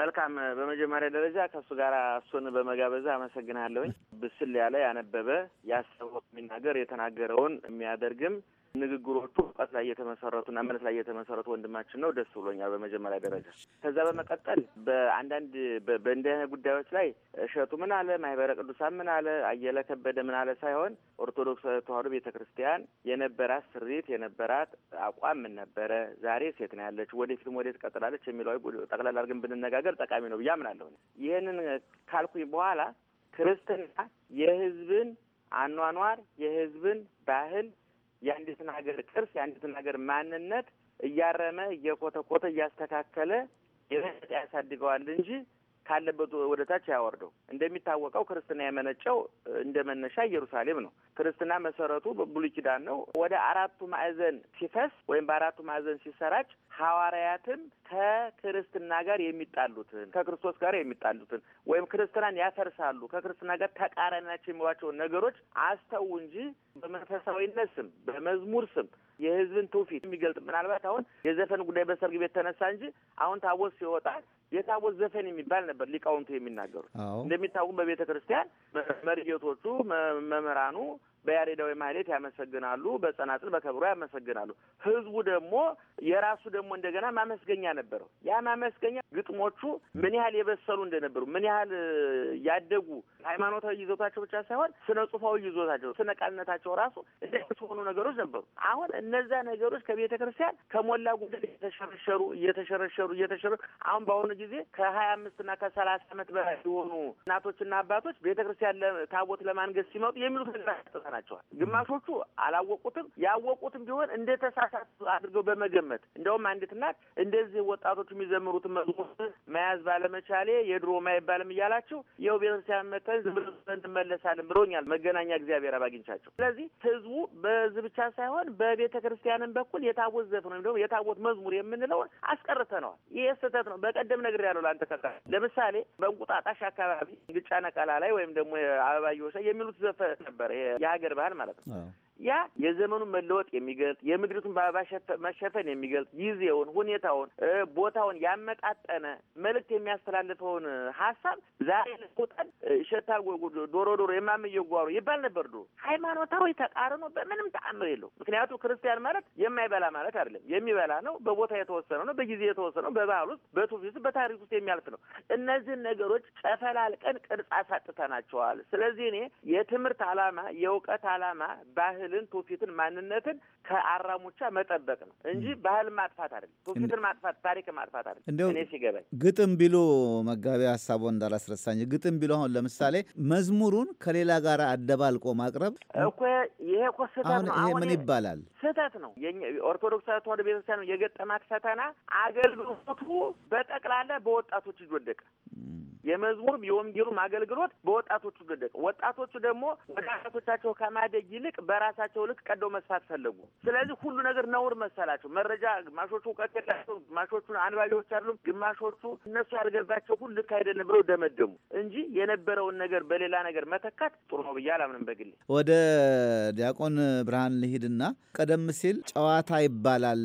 መልካም። በመጀመሪያ ደረጃ ከእሱ ጋር እሱን በመጋበዝ አመሰግናለሁኝ። ብስል ያለ ያነበበ ያሰበው የሚናገር የተናገረውን የሚያደርግም ንግግሮቹ እውቀት ላይ የተመሰረቱና እምነት ላይ የተመሰረቱ ወንድማችን ነው። ደስ ብሎኛል በመጀመሪያ ደረጃ። ከዛ በመቀጠል በአንዳንድ በእንዲህ ጉዳዮች ላይ እሸቱ ምን አለ፣ ማህበረ ቅዱሳን ምን አለ፣ አየለ ከበደ ምን አለ ሳይሆን ኦርቶዶክስ ተዋህዶ ቤተ ክርስቲያን የነበራት ስሪት የነበራት አቋም ምን ነበረ፣ ዛሬ ሴት ነው ያለች፣ ወደፊትም ወዴት ቀጥላለች የሚለው ጠቅላላ አድርገን ብንነጋገር ጠቃሚ ነው ብዬ አምናለሁ። ይህንን ካልኩኝ በኋላ ክርስትና የህዝብን አኗኗር የህዝብን ባህል የአንዲትን ሀገር ቅርስ የአንዲትን ሀገር ማንነት እያረመ እየኮተኮተ እያስተካከለ የበለጠ ያሳድገዋል እንጂ ካለበት ወደ ታች ያወርደው። እንደሚታወቀው ክርስትና የመነጨው እንደ መነሻ ኢየሩሳሌም ነው። ክርስትና መሰረቱ በብሉይ ኪዳን ነው። ወደ አራቱ ማዕዘን ሲፈስ ወይም በአራቱ ማዕዘን ሲሰራጭ ሐዋርያትም ከክርስትና ጋር የሚጣሉትን ከክርስቶስ ጋር የሚጣሉትን ወይም ክርስትናን ያፈርሳሉ ከክርስትና ጋር ተቃራኒ ናቸው የሚሏቸውን ነገሮች አስተው እንጂ በመንፈሳዊነት ስም በመዝሙር ስም የህዝብን ትውፊት የሚገልጥ ምናልባት አሁን የዘፈን ጉዳይ በሰርግ ቤት ተነሳ እንጂ አሁን ታቦት ሲወጣ የታቦት ዘፈን የሚባል ነበር ሊቃውንቱ የሚናገሩት። እንደሚታወቁ በቤተ ክርስቲያን መሪጌቶቹ መምህራኑ በያሬዳዊ ማህሌት ያመሰግናሉ፣ በጸናጽል በከብሮ ያመሰግናሉ። ህዝቡ ደግሞ የራሱ ደግሞ እንደገና ማመስገኛ ነበረው። ያ ማመስገኛ ግጥሞቹ ምን ያህል የበሰሉ እንደነበሩ ምን ያህል ያደጉ ሃይማኖታዊ ይዞታቸው ብቻ ሳይሆን ስነ ጽሁፋዊ ይዞታቸው፣ ስነ ቃልነታቸው ራሱ እንደሱ ነገሮች ነበሩ። አሁን እነዛ ነገሮች ከቤተ ክርስቲያን ከሞላ ጎደል እየተሸረሸሩ እየተሸረሸሩ እየተሸረ አሁን በአሁኑ ጊዜ ከሀያ አምስትና ከሰላሳ አመት በላይ የሆኑ እናቶችና አባቶች ቤተ ክርስቲያን ታቦት ለማንገስ ሲመጡ የሚሉት ነገር ናቸዋል። ግማሾቹ አላወቁትም፣ ያወቁትም ቢሆን ተሳሳቱ አድርገው በመገመት እንደውም አንዲት እናት እንደዚህ ወጣቶች የሚዘምሩትን መዝሙር መያዝ ባለመቻሌ የድሮ ማይባልም እያላቸው ይኸው ቤተክርስቲያን መተን ዝም ብለን እንመለሳለን መገናኛ እግዚአብሔር አባግኝቻቸው። ስለዚህ ህዝቡ በዚህ ብቻ ሳይሆን በቤተ ክርስቲያንም በኩል የታቦት ዘፈን ወይም ደግሞ የታቦት መዝሙር የምንለውን አስቀርተነዋል። ይህ ስህተት ነው። በቀደም ያለው ለአንተ ከካ ለምሳሌ በእንቁጣጣሽ አካባቢ ግጫ ነቀላ ላይ ወይም ደግሞ አበባየሁ የሚሉት ዘፈን ነበር የሀገ የሀገር ባህል ማለት ነው ያ የዘመኑን መለወጥ የሚገልጽ የምድሪቱን በአበባ መሸፈን የሚገልጽ ጊዜውን፣ ሁኔታውን፣ ቦታውን ያመጣጠነ መልእክት የሚያስተላልፈውን ሀሳብ ዛሬ ልቁጠን እሸት ዶሮ ዶሮ የማም ይባል ነበር ድሮ። ሃይማኖታዊ ተቃርኖ በምንም ተአምር የለው። ምክንያቱ ክርስቲያን ማለት የማይበላ ማለት አይደለም። የሚበላ ነው። በቦታ የተወሰነ ነው። በጊዜ የተወሰነ ነው። በባህል ውስጥ፣ በትውፊት ውስጥ፣ በታሪክ ውስጥ የሚያልፍ ነው። እነዚህን ነገሮች ጨፈላልቀን ቅርጽ አሳጥተናቸዋል። ስለዚህ እኔ የትምህርት ዓላማ የእውቀት ዓላማ ባህል ባህልን፣ ትውፊትን፣ ማንነትን ከአራሙቻ መጠበቅ ነው እንጂ ባህል ማጥፋት አይደለም። ትውፊትን ማጥፋት፣ ታሪክ ማጥፋት አይደለም። እንደው እኔ ሲገባኝ ግጥም ቢሉ መጋቢ ሀሳቦ እንዳላስረሳኝ ግጥም ቢሉ አሁን ለምሳሌ መዝሙሩን ከሌላ ጋር አደባልቆ ማቅረብ እኮ ይሄ እኮ ስህተት ነው። ይሄ ምን ይባላል? ስህተት ነው። ኦርቶዶክስ ተዋሕዶ ቤተክርስቲያን የገጠማት ፈተና አገልግሎቱ በጠቅላላ በወጣቶች እጅ ወደቀ። የመዝሙሩም የወንጌሉም አገልግሎት በወጣቶቹ ወደቀ። ወጣቶቹ ደግሞ ወደ አባቶቻቸው ከማደግ ይልቅ በራ በራሳቸው ልክ ቀዶ መስፋት ፈለጉ። ስለዚህ ሁሉ ነገር ነውር መሰላቸው። መረጃ ግማሾቹ እውቀት የላቸው፣ ግማሾቹ አንባቢዎች አይደሉም፣ ግማሾቹ እነሱ ያልገባቸው ሁሉ ልክ አይደለም ብለው ደመደሙ እንጂ የነበረውን ነገር በሌላ ነገር መተካት ጥሩ ነው ብዬ አላምንም በግሌ። ወደ ዲያቆን ብርሃን ልሂድና ቀደም ሲል ጨዋታ ይባላል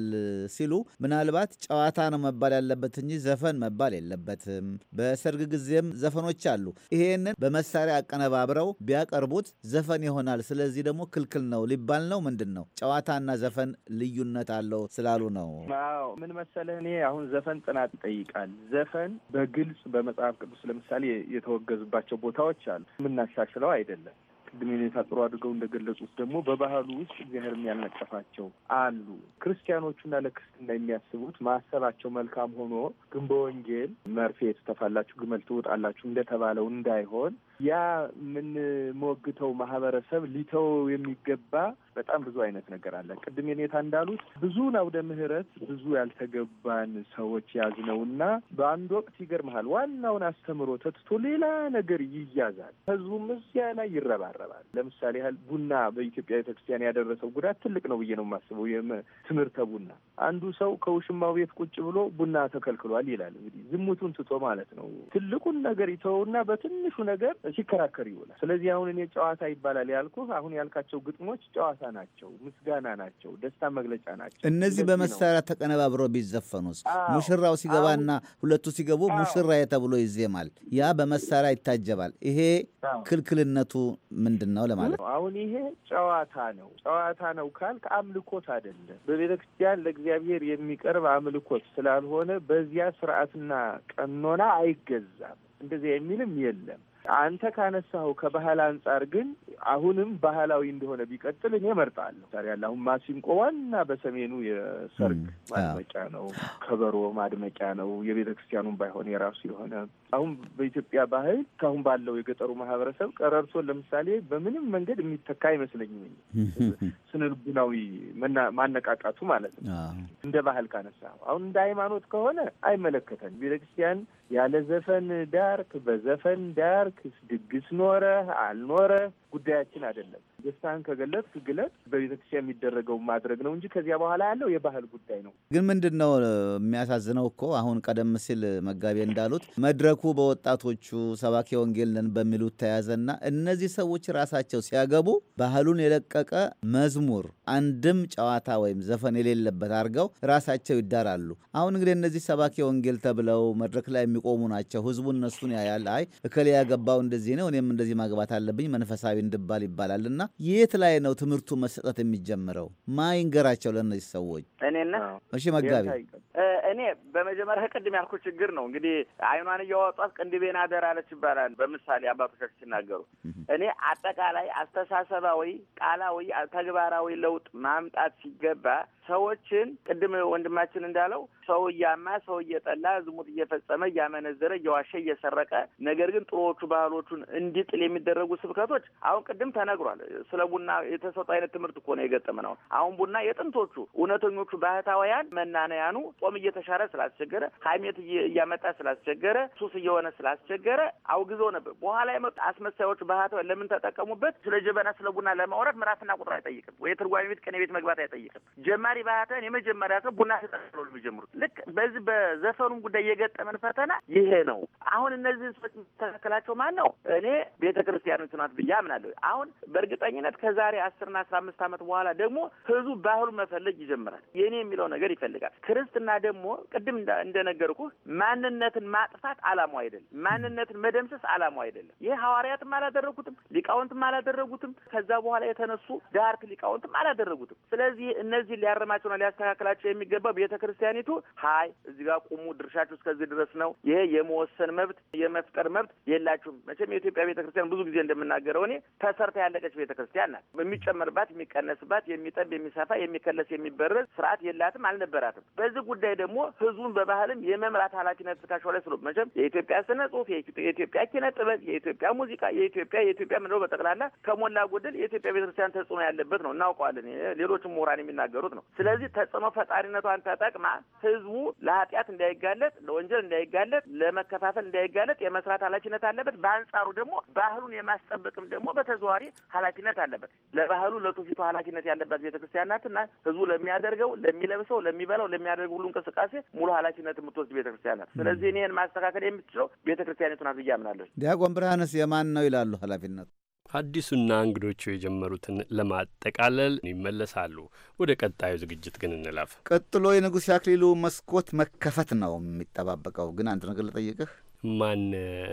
ሲሉ ምናልባት ጨዋታ ነው መባል ያለበት እንጂ ዘፈን መባል የለበትም። በሰርግ ጊዜም ዘፈኖች አሉ። ይሄንን በመሳሪያ አቀነባብረው ቢያቀርቡት ዘፈን ይሆናል። ስለዚህ ደግሞ ክልክል ነው ነው ሊባል ነው? ምንድን ነው ጨዋታና ዘፈን ልዩነት አለው ስላሉ ነው። አዎ ምን መሰለህ፣ እኔ አሁን ዘፈን ጥናት ይጠይቃል። ዘፈን በግልጽ በመጽሐፍ ቅዱስ ለምሳሌ የተወገዙባቸው ቦታዎች አሉ። የምናሻሽለው አይደለም። ቅድም ሁኔታ ጥሩ አድርገው እንደገለጹት ደግሞ በባህሉ ውስጥ እግዚአብሔር ያልነቀፋቸው አሉ። ክርስቲያኖቹና ለክርስትና የሚያስቡት ማሰባቸው መልካም ሆኖ ግን በወንጌል መርፌ የተተፋላችሁ ግመል ትውጣላችሁ እንደተባለው እንዳይሆን ያ የምንሞግተው ማህበረሰብ ሊተው የሚገባ በጣም ብዙ አይነት ነገር አለ። ቅድም የኔታ እንዳሉት ብዙውን አውደ ምህረት ብዙ ያልተገባን ሰዎች እና በአንድ ወቅት ይገርመሃል ዋናውን አስተምሮ ተትቶ ሌላ ነገር ይያዛል። ህዝቡም እዚያ ላይ ይረባረባል። ለምሳሌ ያህል ቡና በኢትዮጵያ ቤተክርስቲያን ያደረሰው ጉዳት ትልቅ ነው ብዬ ነው የማስበው። ትምህርተ ቡና አንዱ ሰው ከውሽማው ቤት ቁጭ ብሎ ቡና ተከልክሏል ይላል። እንግዲህ ዝሙቱን ትቶ ማለት ነው። ትልቁን ነገር ይተውና በትንሹ ነገር ሲከራከር ይውላል። ስለዚህ አሁን እኔ ጨዋታ ይባላል ያልኩ አሁን ያልካቸው ግጥሞች ጨዋታ ናቸው፣ ምስጋና ናቸው፣ ደስታ መግለጫ ናቸው። እነዚህ በመሳሪያ ተቀነባብረው ቢዘፈኑስ ሙሽራው ሲገባና ሁለቱ ሲገቡ ሙሽራዬ ተብሎ ይዜማል። ያ በመሳሪያ ይታጀባል። ይሄ ክልክልነቱ ምንድን ነው ለማለት አሁን ይሄ ጨዋታ ነው። ጨዋታ ነው ካልክ አምልኮት አይደለም። በቤተ ክርስቲያን ለእግዚአብሔር የሚቀርብ አምልኮት ስላልሆነ በዚያ ስርዓትና ቀኖና አይገዛም። እንደዚያ የሚልም የለም። አንተ ካነሳኸው ከባህል አንጻር ግን አሁንም ባህላዊ እንደሆነ ቢቀጥል እኔ እመርጣለሁ። ያለ አሁን ማሲንቆ ዋና በሰሜኑ የሰርግ ማድመቂያ ነው፣ ከበሮ ማድመቂያ ነው። የቤተ ክርስቲያኑን ባይሆን የራሱ የሆነ አሁን በኢትዮጵያ ባህል ካሁን ባለው የገጠሩ ማህበረሰብ ቀረርሶን ለምሳሌ በምንም መንገድ የሚተካ አይመስለኝም። ስነ ልቡናዊ ማነቃቃቱ ማለት ነው። እንደ ባህል ካነሳ አሁን እንደ ሃይማኖት ከሆነ አይመለከተን። ቤተክርስቲያን ያለ ዘፈን ዳርክ፣ በዘፈን ዳርክ፣ ድግስ ኖረህ አልኖረህ ጉዳያችን አይደለም። ደስታህን ከገለጽክ ግለጽ፣ በቤተክርስቲያን የሚደረገው ማድረግ ነው እንጂ ከዚያ በኋላ ያለው የባህል ጉዳይ ነው። ግን ምንድን ነው የሚያሳዝነው እኮ አሁን ቀደም ሲል መጋቤ እንዳሉት መድረኩ በወጣቶቹ ሰባኪ ወንጌል ነን በሚሉት ተያዘና እነዚህ ሰዎች ራሳቸው ሲያገቡ ባህሉን የለቀቀ መዝሙር አንድም ጨዋታ ወይም ዘፈን የሌለበት አድርገው ራሳቸው ይዳራሉ። አሁን እንግዲህ እነዚህ ሰባኪ ወንጌል ተብለው መድረክ ላይ የሚቆሙ ናቸው። ህዝቡ እነሱን ያያል። አይ እከሌ ያገባው እንደዚህ ነው እኔም እንደዚህ ማግባት አለብኝ መንፈሳዊ እንድባል ይባላል። እና የት ላይ ነው ትምህርቱ መሰጠት የሚጀምረው? ማይንገራቸው ለእነዚህ ሰዎች እኔና እሺ፣ መጋቢ እኔ በመጀመሪያ ቅድም ያልኩ ችግር ነው እንግዲህ አይኗን እያወጧት ቅንድቤን አደር አለች ይባላል በምሳሌ አባቶቻችን ሲናገሩ። እኔ አጠቃላይ አስተሳሰባዊ፣ ቃላዊ፣ ተግባራዊ ለውጥ ማምጣት ሲገባ ሰዎችን ቅድም ወንድማችን እንዳለው ሰው እያማ ሰው እየጠላ ዝሙት እየፈጸመ እያመነዘረ እየዋሸ እየሰረቀ ነገር ግን ጥሩዎቹ ባህሎቹን እንዲጥል የሚደረጉ ስብከቶች አሁን ቅድም ተነግሯል። ስለ ቡና የተሰጡ አይነት ትምህርት እኮ ነው አሁን ቡና የጥንቶቹ እውነተኞቹ ባህታውያን መናነያኑ ጦም እየተሻረ ስላስቸገረ፣ ሀሜት እያመጣ ስላስቸገረ፣ ሱስ እየሆነ ስላስቸገረ አውግዘው ነበር። በኋላ የመጡ አስመሳዮች ባህታውያን ለምን ተጠቀሙበት? ስለ ጀበና ስለ ቡና ለማውራት ምዕራፍና ቁጥር አይጠይቅም ወይ ትርጓሜ ቤት ቀን ቤት መግባት አይጠይቅም። ጀማሪ ዛሬ ባያተን የመጀመሪያ ሰው ቡና ተጠቅሎ የሚጀምሩት ልክ በዚህ በዘፈኑም ጉዳይ የገጠመን ፈተና ይሄ ነው። አሁን እነዚህ ሰዎች የሚስተካከላቸው ማን ነው? እኔ ቤተ ክርስቲያኖች ናት ብዬ አምናለሁ። አሁን በእርግጠኝነት ከዛሬ አስርና አስራ አምስት ዓመት በኋላ ደግሞ ህዝቡ ባህሉ መፈለግ ይጀምራል። የእኔ የሚለው ነገር ይፈልጋል። ክርስትና ደግሞ ቅድም እንደነገርኩ ማንነትን ማጥፋት አላማው አይደለም። ማንነትን መደምሰስ አላማው አይደለም። ይህ ሐዋርያትም አላደረጉትም፣ ሊቃውንትም አላደረጉትም። ከዛ በኋላ የተነሱ ዳርክ ሊቃውንትም አላደረጉትም። ስለዚህ እነዚህ ሊያረ አስቀድማቸውና ሊያስተካክላቸው የሚገባው ቤተ ክርስቲያኒቱ ሀይ እዚህ ጋር ቁሙ፣ ድርሻችሁ እስከዚህ ድረስ ነው። ይሄ የመወሰን መብት የመፍጠር መብት የላችሁም። መቼም የኢትዮጵያ ቤተ ክርስቲያን ብዙ ጊዜ እንደምናገረው እኔ ተሰርታ ያለቀች ቤተ ክርስቲያን ናት። የሚጨመርባት፣ የሚቀነስባት፣ የሚጠብ፣ የሚሰፋ፣ የሚከለስ፣ የሚበረዝ ስርዓት የላትም፣ አልነበራትም። በዚህ ጉዳይ ደግሞ ህዝቡን በባህልም የመምራት ኃላፊነት ስካሸው ላይ ስሎ መቼም የኢትዮጵያ ስነ ጽሁፍ፣ የኢትዮጵያ ኪነ ጥበብ፣ የኢትዮጵያ ሙዚቃ፣ የኢትዮጵያ የኢትዮጵያ ምንድነው በጠቅላላ ከሞላ ጎደል የኢትዮጵያ ቤተክርስቲያን ተጽዕኖ ያለበት ነው እናውቀዋለን። ሌሎችም ምሁራን የሚናገሩት ነው። ስለዚህ ተጽዕኖ ፈጣሪነቷን ተጠቅማ ህዝቡ ለኃጢአት እንዳይጋለጥ፣ ለወንጀል እንዳይጋለጥ፣ ለመከፋፈል እንዳይጋለጥ የመስራት ኃላፊነት አለበት። በአንጻሩ ደግሞ ባህሉን የማስጠበቅም ደግሞ በተዘዋዋሪ ኃላፊነት አለበት። ለባህሉ ለትውፊቱ ኃላፊነት ያለባት ቤተክርስቲያን ናትና ህዝቡ ለሚያደርገው፣ ለሚለብሰው፣ ለሚበላው፣ ለሚያደርገው ሁሉ እንቅስቃሴ ሙሉ ኃላፊነት የምትወስድ ቤተክርስቲያን ናት። ስለዚህ እኔን ማስተካከል የምትችለው ቤተክርስቲያኒቱ ናት ብዬ አምናለሁ። ዲያቆን ብርሃንስ የማን ነው ይላሉ ኃላፊነቱ? አዲሱና እንግዶቹ የጀመሩትን ለማጠቃለል ይመለሳሉ። ወደ ቀጣዩ ዝግጅት ግን እንለፍ። ቀጥሎ የንጉሥ አክሊሉ መስኮት መከፈት ነው የሚጠባበቀው። ግን አንድ ነገር ልጠይቅህ። ማን?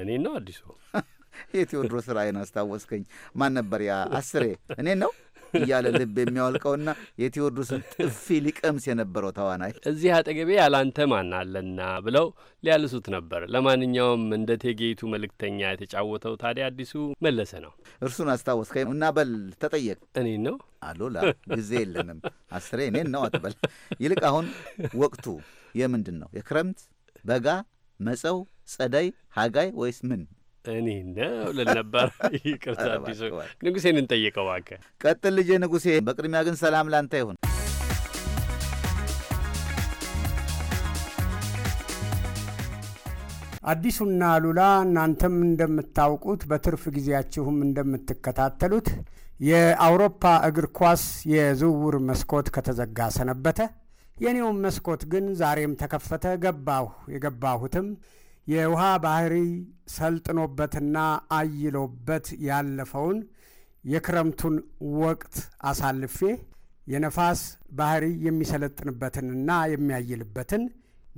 እኔ ነው አዲሱ የቴዎድሮስ ራእይን አስታወስከኝ። ማን ነበር ያ? አስሬ እኔ ነው እያለ ልብ የሚያወልቀውና የቴዎድሮስን ጥፊ ሊቀምስ የነበረው ተዋናይ እዚህ አጠገቤ ያላንተ ማን አለና ብለው ሊያልሱት ነበር። ለማንኛውም እንደ ቴጌይቱ መልእክተኛ የተጫወተው ታዲያ አዲሱ መለሰ ነው። እርሱን አስታወስ እና በል ተጠየቅ። እኔን ነው አሉላ። ጊዜ የለንም አስሬ እኔን ነው አትበል። ይልቅ አሁን ወቅቱ የምንድን ነው? የክረምት በጋ፣ መጸው፣ ጸደይ፣ ሀጋይ ወይስ ምን እኔ ነው ልል ነበር። ይቅርታ አዲሱ ንጉሴን እንጠይቀው እባክህ። ቀጥል ልጄ ንጉሴ። በቅድሚያ ግን ሰላም ላንተ ይሁን። አዲሱና አሉላ እናንተም እንደምታውቁት በትርፍ ጊዜያችሁም እንደምትከታተሉት የአውሮፓ እግር ኳስ የዝውውር መስኮት ከተዘጋ ሰነበተ። የእኔውም መስኮት ግን ዛሬም ተከፈተ። ገባሁ። የገባሁትም የውሃ ባህሪ ሰልጥኖበትና አይሎበት ያለፈውን የክረምቱን ወቅት አሳልፌ የነፋስ ባህሪ የሚሰለጥንበትንና የሚያይልበትን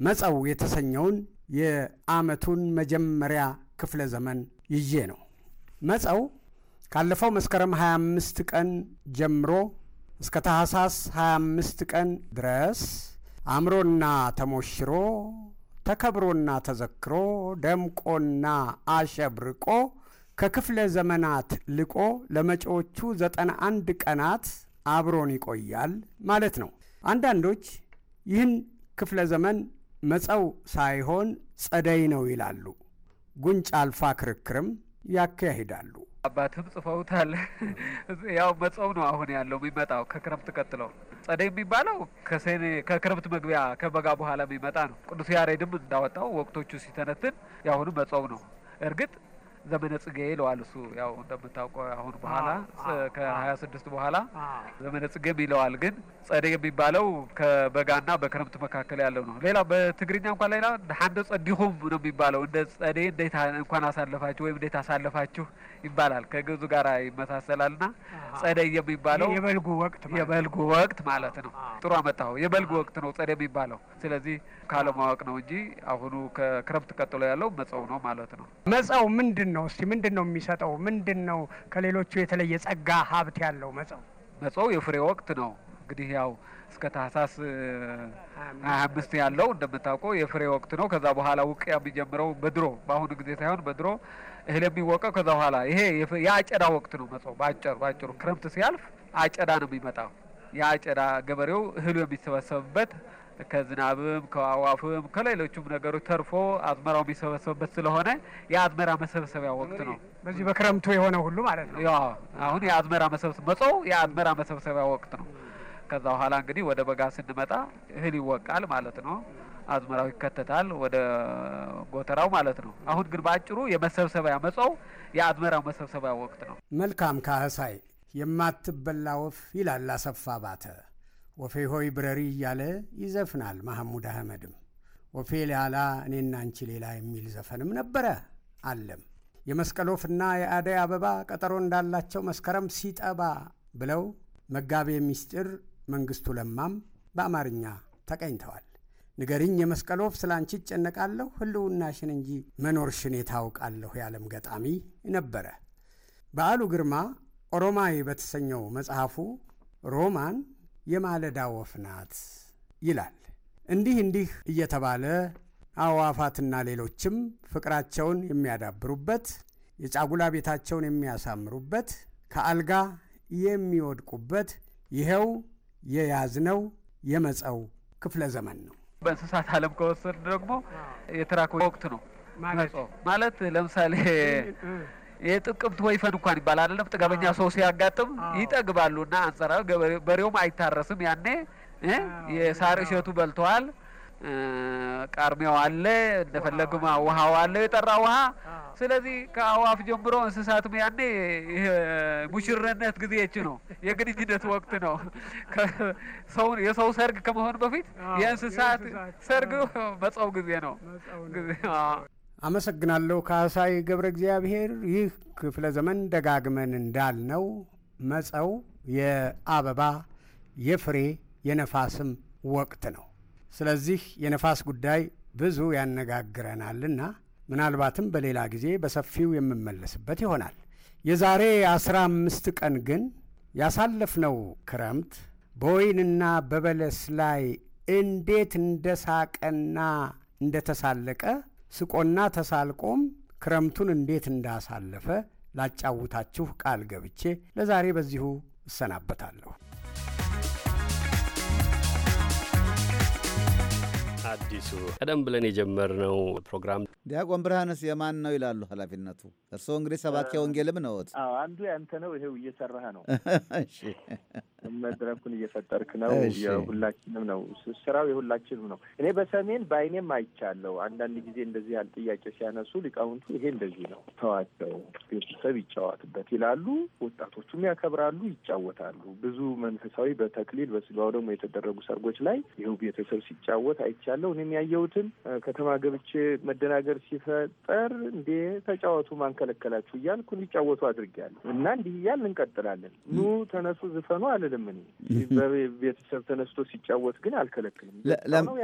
መጸው የተሰኘውን የዓመቱን መጀመሪያ ክፍለ ዘመን ይዤ ነው። መጸው ካለፈው መስከረም 25 ቀን ጀምሮ እስከ ታህሳስ 25 ቀን ድረስ አእምሮና ተሞሽሮ ተከብሮና ተዘክሮ ደምቆና አሸብርቆ ከክፍለ ዘመናት ልቆ ለመጪዎቹ ዘጠና አንድ ቀናት አብሮን ይቆያል ማለት ነው። አንዳንዶች ይህን ክፍለ ዘመን መጸው ሳይሆን ጸደይ ነው ይላሉ። ጉንጭ አልፋ ክርክርም ያካሂዳሉ። አባትም ጽፈውታል። ያው መጾም ነው አሁን ያለው የሚመጣው ከክረምት ቀጥለው ጸደይ የሚባለው ከሰኔ ከክረምት መግቢያ ከበጋ በኋላ የሚመጣ ነው። ቅዱስ ያሬድም እንዳወጣው ወቅቶቹ ሲተነትን የአሁኑ መጾም ነው። እርግጥ ዘመነ ጽጌ ይለዋል እሱ ያው እንደምታውቀው አሁን በኋላ ከሀያ ስድስት በኋላ ዘመነ ጽጌም ይለዋል። ግን ጸደይ የሚባለው ከበጋና በክረምት መካከል ያለው ነው። ሌላ በትግርኛ እንኳን ሌላ ሀንደ ጸዲሁም ነው የሚባለው። እንደ ጸደይ እንዴት እንኳን አሳለፋችሁ ወይም እንዴት አሳለፋችሁ ይባላል። ከግዙ ጋር ይመሳሰላልና ጸደይ የሚባለው የበልጉ ወቅት ማለት ነው። ጥሩ አመጣው። የበልጉ ወቅት ነው ጸደይ የሚባለው። ስለዚህ ካለማወቅ ነው እንጂ አሁኑ ከክረምት ቀጥሎ ያለው መጸው ነው ማለት ነው። መጸው ምንድን ነው? እስቲ ምንድን ነው የሚሰጠው? ምንድን ነው ከሌሎቹ የተለየ ጸጋ ሀብት ያለው መጸው? መጸው የፍሬ ወቅት ነው። እንግዲህ ያው እስከ ታህሳስ ሀያ አምስት ያለው እንደምታውቀው የፍሬ ወቅት ነው። ከዛ በኋላ ውቅያ የሚጀምረው በድሮ በአሁኑ ጊዜ ሳይሆን በድሮ እህል የሚወቀው ከዛ በኋላ ይሄ የአጨዳ ወቅት ነው። መጽው በአጭሩ በአጭሩ ክረምት ሲያልፍ አጨዳ ነው የሚመጣው። የአጨዳ ገበሬው እህሉ የሚሰበሰብበት ከዝናብም ከአዋፍም ከሌሎቹም ነገሮች ተርፎ አዝመራው የሚሰበሰብበት ስለሆነ የአዝመራ መሰብሰቢያ ወቅት ነው። በዚህ በክረምቱ የሆነ ሁሉ ማለት ነው። ያው አሁን የአዝመራ መሰብሰብ መጽው የአዝመራ መሰብሰቢያ ወቅት ነው። ከዛ በኋላ እንግዲህ ወደ በጋ ስንመጣ እህል ይወቃል ማለት ነው። አዝመራው ይከተታል ወደ ጎተራው ማለት ነው። አሁን ግን በአጭሩ የመሰብሰቢያ መጸው የአዝመራው መሰብሰቢያ ወቅት ነው። መልካም ካህሳይ የማትበላ ወፍ ይላል አሰፋ ባተ። ወፌ ሆይ ብረሪ እያለ ይዘፍናል መሐሙድ አህመድም። ወፌ ላላ እኔና አንቺ ሌላ የሚል ዘፈንም ነበረ አለም። የመስቀል ወፍና የአደይ አበባ ቀጠሮ እንዳላቸው መስከረም ሲጠባ ብለው መጋቤ ምስጢር መንግስቱ ለማም በአማርኛ ተቀኝተዋል። ንገሪኝ የመስቀል ወፍ ስላንቺ ይጨነቃለሁ ህልውናሽን እንጂ መኖርሽን የታውቃለሁ የዓለም ገጣሚ ነበረ። በዓሉ ግርማ ኦሮማይ በተሰኘው መጽሐፉ ሮማን የማለዳ ወፍ ናት ይላል። እንዲህ እንዲህ እየተባለ አዕዋፋትና ሌሎችም ፍቅራቸውን የሚያዳብሩበት የጫጉላ ቤታቸውን የሚያሳምሩበት ከአልጋ የሚወድቁበት ይኸው የያዝነው የመጸው ክፍለ ዘመን ነው። በእንስሳት ዓለም ከወሰድ ደግሞ የትራኩ ወቅት ነው ማለት ለምሳሌ የጥቅምት ወይፈን እንኳን ይባላል አይደለም። ጥጋበኛ ሰው ሲያጋጥም ይጠግባሉና አንጸራዊ በሬውም አይታረስም። ያኔ የሳር እሸቱ በልተዋል። ቃርሚያው አለ፣ እንደፈለግ ውሃው አለ፣ የጠራ ውሃ። ስለዚህ ከአዋፍ ጀምሮ እንስሳትም ያኔ ሙሽርነት ጊዜች ነው፣ የግንኙነት ወቅት ነው። የሰው ሰርግ ከመሆን በፊት የእንስሳት ሰርግ መጸው ጊዜ ነው። አመሰግናለሁ። ካሳይ ገብረ እግዚአብሔር። ይህ ክፍለ ዘመን ደጋግመን እንዳልነው መጸው የአበባ የፍሬ የነፋስም ወቅት ነው። ስለዚህ የነፋስ ጉዳይ ብዙ ያነጋግረናልና ምናልባትም በሌላ ጊዜ በሰፊው የምመለስበት ይሆናል። የዛሬ አስራ አምስት ቀን ግን ያሳለፍነው ክረምት በወይንና በበለስ ላይ እንዴት እንደሳቀና እንደተሳለቀ ስቆና ተሳልቆም ክረምቱን እንዴት እንዳሳለፈ ላጫውታችሁ ቃል ገብቼ ለዛሬ በዚሁ እሰናበታለሁ። አዲሱ ቀደም ብለን የጀመርነው ፕሮግራም ዲያቆን ብርሃንስ የማን ነው ይላሉ ኃላፊነቱ? እርስዎ እንግዲህ ሰባኪ ወንጌልም ነዎት። አንዱ ያንተ ነው። ይሄው እየሰራህ ነው። መድረኩን እየፈጠርክ ነው። የሁላችንም ነው ስራው፣ የሁላችንም ነው። እኔ በሰሜን በአይኔም አይቻለሁ። አንዳንድ ጊዜ እንደዚህ ያል ጥያቄ ሲያነሱ ሊቃውንቱ ይሄ እንደዚህ ነው፣ ተዋቸው፣ ቤተሰብ ይጫወትበት ይላሉ። ወጣቶቹም ያከብራሉ፣ ይጫወታሉ። ብዙ መንፈሳዊ በተክሊል በስጋው ደግሞ የተደረጉ ሰርጎች ላይ ይኸው ቤተሰብ ሲጫወት አይቻለሁ። እኔም ያየሁትን ከተማ ገብቼ መደናገር ሲፈጠር እንዴ ተጫወቱ፣ ማንከለከላችሁ እያልኩ እንዲጫወቱ አድርጌያለሁ እና እንዲህ እያል እንቀጥላለን። ኑ ተነሱ፣ ዝፈኑ አለ አልልም እኔ በቤተሰብ ተነስቶ ሲጫወት ግን አልከለክልም።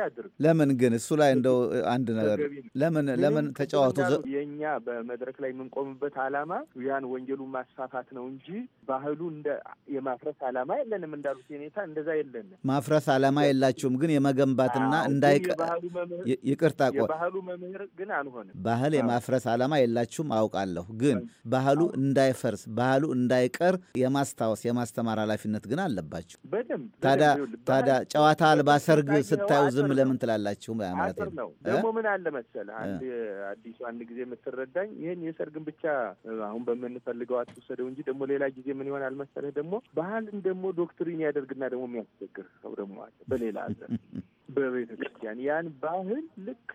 ያድርግ። ለምን ግን እሱ ላይ እንደው አንድ ነገር ለምን ለምን ተጫዋቱ የእኛ በመድረክ ላይ የምንቆምበት አላማ ያን ወንጀሉን ማስፋፋት ነው እንጂ ባህሉ እንደ የማፍረስ አላማ የለንም። እንዳሉት ሁኔታ እንደዛ የለንም። ማፍረስ አላማ የላችሁም፣ ግን የመገንባትና እንዳይቀ ይቅርታ የባህሉ መምህር ግን አንሆንም። ባህል የማፍረስ አላማ የላችሁም አውቃለሁ፣ ግን ባህሉ እንዳይፈርስ ባህሉ እንዳይቀር የማስታወስ የማስተማር ኃላፊነት ግን አለባችሁ። ታዲያ ጨዋታ አልባ ሰርግ ስታዩ ዝም ለምን ትላላችሁ? ማለት ነው ደግሞ ምን አለ መሰለህ፣ አንድ አዲሱ አንድ ጊዜ የምትረዳኝ ይህን የሰርግን ብቻ አሁን በምንፈልገው አትወሰደው እንጂ ደግሞ ሌላ ጊዜ ምን ይሆናል መሰለህ ደግሞ ባህልን ደግሞ ዶክትሪን ያደርግና ደግሞ የሚያስቸግር ሰው ደግሞ አለ በሌላ አዘ በቤተ ክርስቲያን ያን ባህል ልክ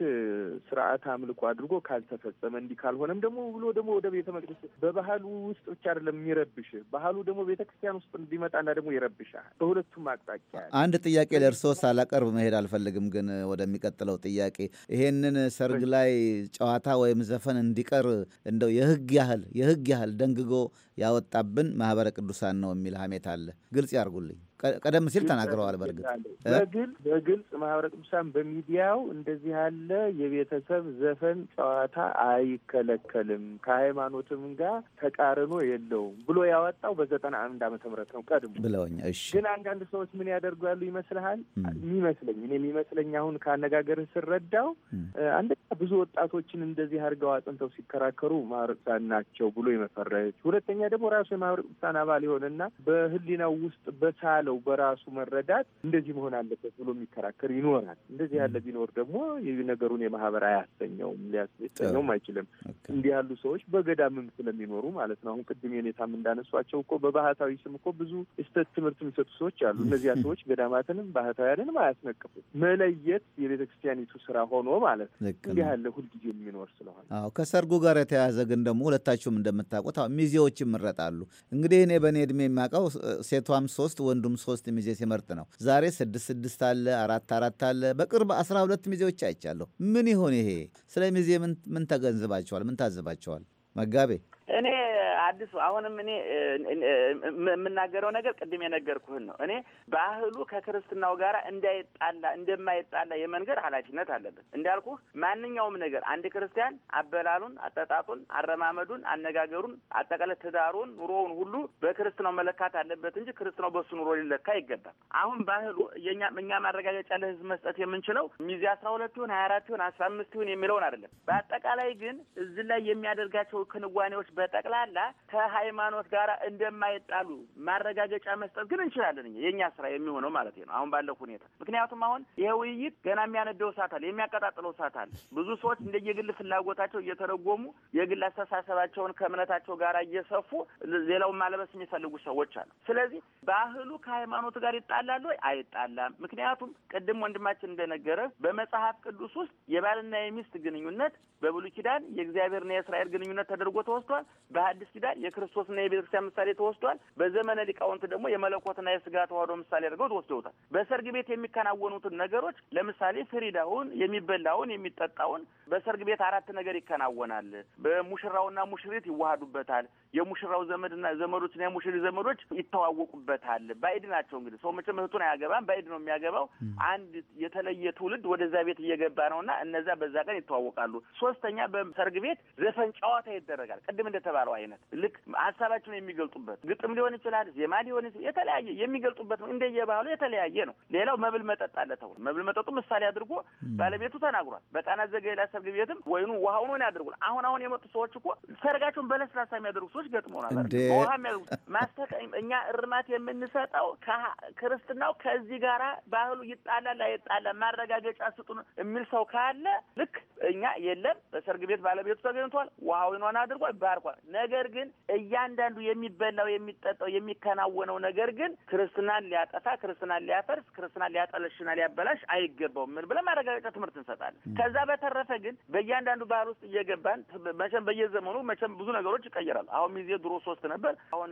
ስርዓት አምልኮ አድርጎ ካልተፈጸመ እንዲህ ካልሆነም ደግሞ ብሎ ደግሞ ወደ ቤተ መቅደስ በባህሉ ውስጥ ብቻ አይደለም የሚረብሽ ባህሉ ደግሞ ቤተ ክርስቲያን ውስጥ እንዲመጣና ደግሞ ይረብሻል። በሁለቱም አቅጣጫ አንድ ጥያቄ ለእርስዎ ሳላቀርብ መሄድ አልፈልግም፣ ግን ወደሚቀጥለው ጥያቄ ይሄንን ሰርግ ላይ ጨዋታ ወይም ዘፈን እንዲቀር እንደው የህግ ያህል የህግ ያህል ደንግጎ ያወጣብን ማህበረ ቅዱሳን ነው የሚል ሀሜት አለ። ግልጽ ያርጉልኝ። ቀደም ሲል ተናግረዋል። በእርግጥ በግል በግልጽ ማህበረ ቅዱሳን በሚዲያው እንደዚህ ያለ የቤተሰብ ዘፈን ጨዋታ አይከለከልም ከሃይማኖትም ጋር ተቃርኖ የለውም ብሎ ያወጣው በዘጠና አንድ ዓመተ ምህረት ነው። ቀድሞ ብለውኛ። እሺ ግን አንዳንድ ሰዎች ምን ያደርጋሉ ይመስልሃል? የሚመስለኝ እኔ የሚመስለኝ አሁን ከአነጋገርህ ስረዳው አንደኛ ብዙ ወጣቶችን እንደዚህ አድርገው አጥንተው ሲከራከሩ ማህበረ ቅዱሳን ናቸው ብሎ የመፈረጅ፣ ሁለተኛ ደግሞ ራሱ የማህበረ ቅዱሳን አባል የሆነና በህሊናው ውስጥ በሳለ ባለው በራሱ መረዳት እንደዚህ መሆን አለበት ብሎ የሚከራከር ይኖራል። እንደዚህ ያለ ቢኖር ደግሞ ነገሩን የማህበር አያሰኘውም፣ ሊያሰኘውም አይችልም። እንዲህ ያሉ ሰዎች በገዳምም ስለሚኖሩ ማለት ነው። አሁን ቅድም የኔታም እንዳነሷቸው እኮ በባህታዊ ስም እኮ ብዙ ስተት ትምህርት የሚሰጡ ሰዎች አሉ። እነዚያ ሰዎች ገዳማትንም ባህታውያንንም አያስነቅፉም። መለየት የቤተ ክርስቲያኒቱ ስራ ሆኖ ማለት ነው። እንዲህ ያለ ሁልጊዜ የሚኖር ስለሆነ ከሰርጉ ጋር የተያያዘ ግን ደግሞ ሁለታችሁም እንደምታውቁት ሚዜዎች ይመረጣሉ። እንግዲህ እኔ በእኔ እድሜ የሚያውቀው ሴቷም ሶስት ወንዱም ሶስት ሚዜ ሲመርጥ ነው። ዛሬ ስድስት ስድስት አለ፣ አራት አራት አለ። በቅርብ አስራ ሁለት ሚዜዎች አይቻለሁ። ምን ይሆን ይሄ? ስለ ሚዜ ምን ተገንዝባቸዋል? ምን ታዝባቸዋል? መጋቤ እኔ አዲሱ አሁንም እኔ የምናገረው ነገር ቅድም የነገርኩህን ነው። እኔ ባህሉ ከክርስትናው ጋር እንዳይጣላ እንደማይጣላ የመንገድ ኃላፊነት አለበት። እንዳልኩህ ማንኛውም ነገር አንድ ክርስቲያን አበላሉን፣ አጠጣጡን፣ አረማመዱን፣ አነጋገሩን፣ አጠቃላይ ትዳሩን፣ ኑሮውን ሁሉ በክርስትናው መለካት አለበት እንጂ ክርስትናው በሱ ኑሮ ሊለካ አይገባም። አሁን ባህሉ የኛ እኛ ማረጋገጫ ለህዝብ መስጠት የምንችለው ሚዜ አስራ ሁለት ይሁን ሀያ አራት ይሁን አስራ አምስት ይሁን የሚለውን አይደለም። በአጠቃላይ ግን እዚህ ላይ የሚያደርጋቸው ክንዋኔዎች በጠቅላላ ከሃይማኖት ጋር እንደማይጣሉ ማረጋገጫ መስጠት ግን እንችላለን። እኛ የእኛ ስራ የሚሆነው ማለት ነው አሁን ባለው ሁኔታ። ምክንያቱም አሁን ይሄ ውይይት ገና የሚያነደው እሳት አለ፣ የሚያቀጣጥለው እሳት አለ። ብዙ ሰዎች እንደ የግል ፍላጎታቸው እየተረጎሙ የግል አስተሳሰባቸውን ከእምነታቸው ጋር እየሰፉ ሌላውን ማለበስ የሚፈልጉ ሰዎች አሉ። ስለዚህ ባህሉ ከሃይማኖት ጋር ይጣላሉ? አይጣላም። ምክንያቱም ቅድም ወንድማችን እንደነገረ በመጽሐፍ ቅዱስ ውስጥ የባልና የሚስት ግንኙነት በብሉይ ኪዳን የእግዚአብሔርና የእስራኤል ግንኙነት ተደርጎ ተወስዷል። በሐዲስ ኪዳን የክርስቶስና የቤተክርስቲያን ምሳሌ ተወስዷል። በዘመነ ሊቃውንት ደግሞ የመለኮትና የስጋ ተዋህዶ ምሳሌ አድርገው ተወስደውታል። በሰርግ ቤት የሚከናወኑትን ነገሮች ለምሳሌ ፍሪዳውን፣ የሚበላውን፣ የሚጠጣውን በሰርግ ቤት አራት ነገር ይከናወናል። በሙሽራውና ሙሽሪት ይዋሃዱበታል። የሙሽራው ዘመድና ዘመዶችና የሙሽሪ ዘመዶች ይተዋወቁበታል። ባይድ ናቸው። እንግዲህ ሰው መቼም እህቱን አያገባም፣ ባይድ ነው የሚያገባው። አንድ የተለየ ትውልድ ወደዛ ቤት እየገባ ነውና እነዛ በዛ ቀን ይተዋወቃሉ። ሶስተኛ በሰርግ ቤት ዘፈን ጨዋታ ይደረጋል። ቅድም እንደተባለው አይነት ልክ ሀሳባቸውን የሚገልጡበት ግጥም ሊሆን ይችላል፣ ዜማ ሊሆን ይችላል። የተለያየ የሚገልጡበት ነው። እንደየባህሉ የተለያየ ነው። ሌላው መብል መጠጥ አለ ተብሎ መብል መጠጡ ምሳሌ አድርጎ ባለቤቱ ተናግሯል። በጣና ዘገሊላ ሰርግ ቤትም ወይኑ ውሃው ነው ያደርጉል። አሁን አሁን የመጡ ሰዎች እኮ ሰርጋቸውን በለስላሳ የሚያደርጉ ሰዎች ገጥመውናል። ውሃ የሚያደርጉ ማስተካ እኛ እርማት የምንሰጠው ክርስትናው ከዚህ ጋራ ባህሉ ይጣላል አይጣላም ማረጋገጫ ስጡን የሚል ሰው ካለ ልክ እኛ የለም በሰርግ ቤት ባለቤቱ ተገኝቷል፣ ውሃው ይኗን አድርጓል፣ ባርኳል። ነገር ግን ግን እያንዳንዱ የሚበላው የሚጠጣው የሚከናወነው ነገር ግን ክርስትናን ሊያጠፋ፣ ክርስትናን ሊያፈርስ፣ ክርስትናን ሊያጠለሽና ሊያበላሽ አይገባውም ምን ብለን ማረጋገጫ ትምህርት እንሰጣለን። ከዛ በተረፈ ግን በእያንዳንዱ ባህል ውስጥ እየገባን መቼም በየዘመኑ መቼም ብዙ ነገሮች ይቀየራሉ። አሁን ጊዜ ድሮ ሶስት ነበር፣ አሁን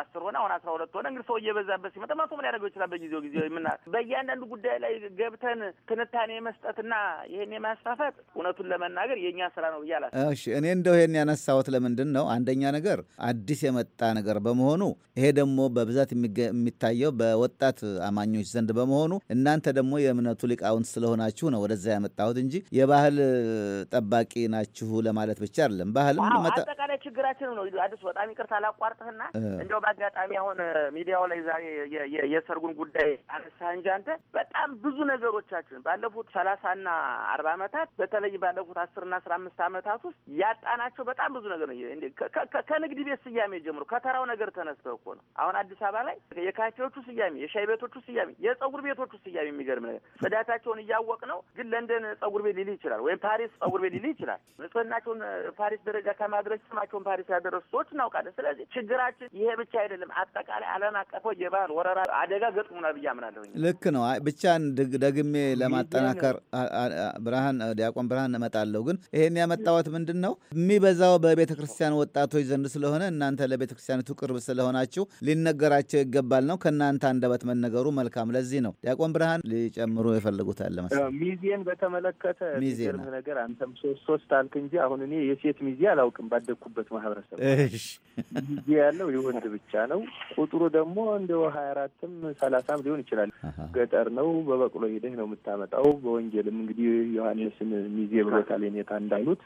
አስር ሆነ፣ አሁን አስራ ሁለት ሆነ። እንግዲህ ሰው እየበዛበት ሲመጣ ማቶ ምን ያደርገው ይችላል። በጊዜው ጊዜ ምና በእያንዳንዱ ጉዳይ ላይ ገብተን ትንታኔ መስጠትና ይህን የማስፋፋት እውነቱን ለመናገር የእኛ ስራ ነው ብያላ እሺ እኔ እንደው ይሄን ያነሳሁት ለምንድን ነው አንደኛ ነገር ነገር አዲስ የመጣ ነገር በመሆኑ ይሄ ደግሞ በብዛት የሚታየው በወጣት አማኞች ዘንድ በመሆኑ እናንተ ደግሞ የእምነቱ ሊቃውንት ስለሆናችሁ ነው ወደዛ ያመጣሁት እንጂ የባህል ጠባቂ ናችሁ ለማለት ብቻ አይደለም። ባህል አጠቃላይ ችግራችንም ነው። አዲሱ በጣም ይቅርታ አላቋርጥህና እንደው በአጋጣሚ አሁን ሚዲያው ላይ ዛሬ የሰርጉን ጉዳይ አነሳ እንጂ አንተ በጣም ብዙ ነገሮቻችን ባለፉት ሰላሳና አርባ ዓመታት በተለይ ባለፉት አስርና አስራ አምስት ዓመታት ውስጥ ያጣናቸው በጣም ብዙ ነገር ነው። ከንግድ ቤት ስያሜ ጀምሮ ከተራው ነገር ተነስተው እኮ ነው። አሁን አዲስ አበባ ላይ የካፌዎቹ ስያሜ፣ የሻይ ቤቶቹ ስያሜ፣ የጸጉር ቤቶቹ ስያሜ የሚገርም ነገር ጽዳታቸውን እያወቅ ነው። ግን ለንደን ጸጉር ቤት ሊል ይችላል፣ ወይም ፓሪስ ጸጉር ቤት ሊል ይችላል። ንጽህናቸውን ፓሪስ ደረጃ ከማድረስ ስማቸውን ፓሪስ ያደረሱ ሰዎች እናውቃለን። ስለዚህ ችግራችን ይሄ ብቻ አይደለም። አጠቃላይ ዓለም አቀፎ የባህል ወረራ አደጋ ገጥሙና ብዬ አምናለሁ። ልክ ነው። ብቻን ደግሜ ለማጠናከር ብርሃን ዲያቆን ብርሃን እመጣለሁ። ግን ይሄን ያመጣወት ምንድን ነው የሚበዛው በቤተ ክርስቲያን ወጣቶች ዘንድ ስለሆነ እናንተ ለቤተ ክርስቲያኒቱ ቅርብ ስለሆናችሁ ሊነገራቸው ይገባል ነው። ከእናንተ አንደበት መነገሩ መልካም። ለዚህ ነው ዲያቆን ብርሃን ሊጨምሩ የፈልጉት የፈልጉታል ለመሰለኝ። ሚዜን በተመለከተ ሚዜን ነገር አንተም ሶስት ሶስት አልክ እንጂ አሁን እኔ የሴት ሚዜ አላውቅም ባደግኩበት ማህበረሰብ። ሚዜ ያለው የወንድ ብቻ ነው። ቁጥሩ ደግሞ እንደ ሀያ አራትም ሰላሳም ሊሆን ይችላል። ገጠር ነው። በበቅሎ ሄደህ ነው የምታመጣው። በወንጌልም እንግዲህ ዮሐንስን ሚዜ ብሎታል የኔታ እንዳሉት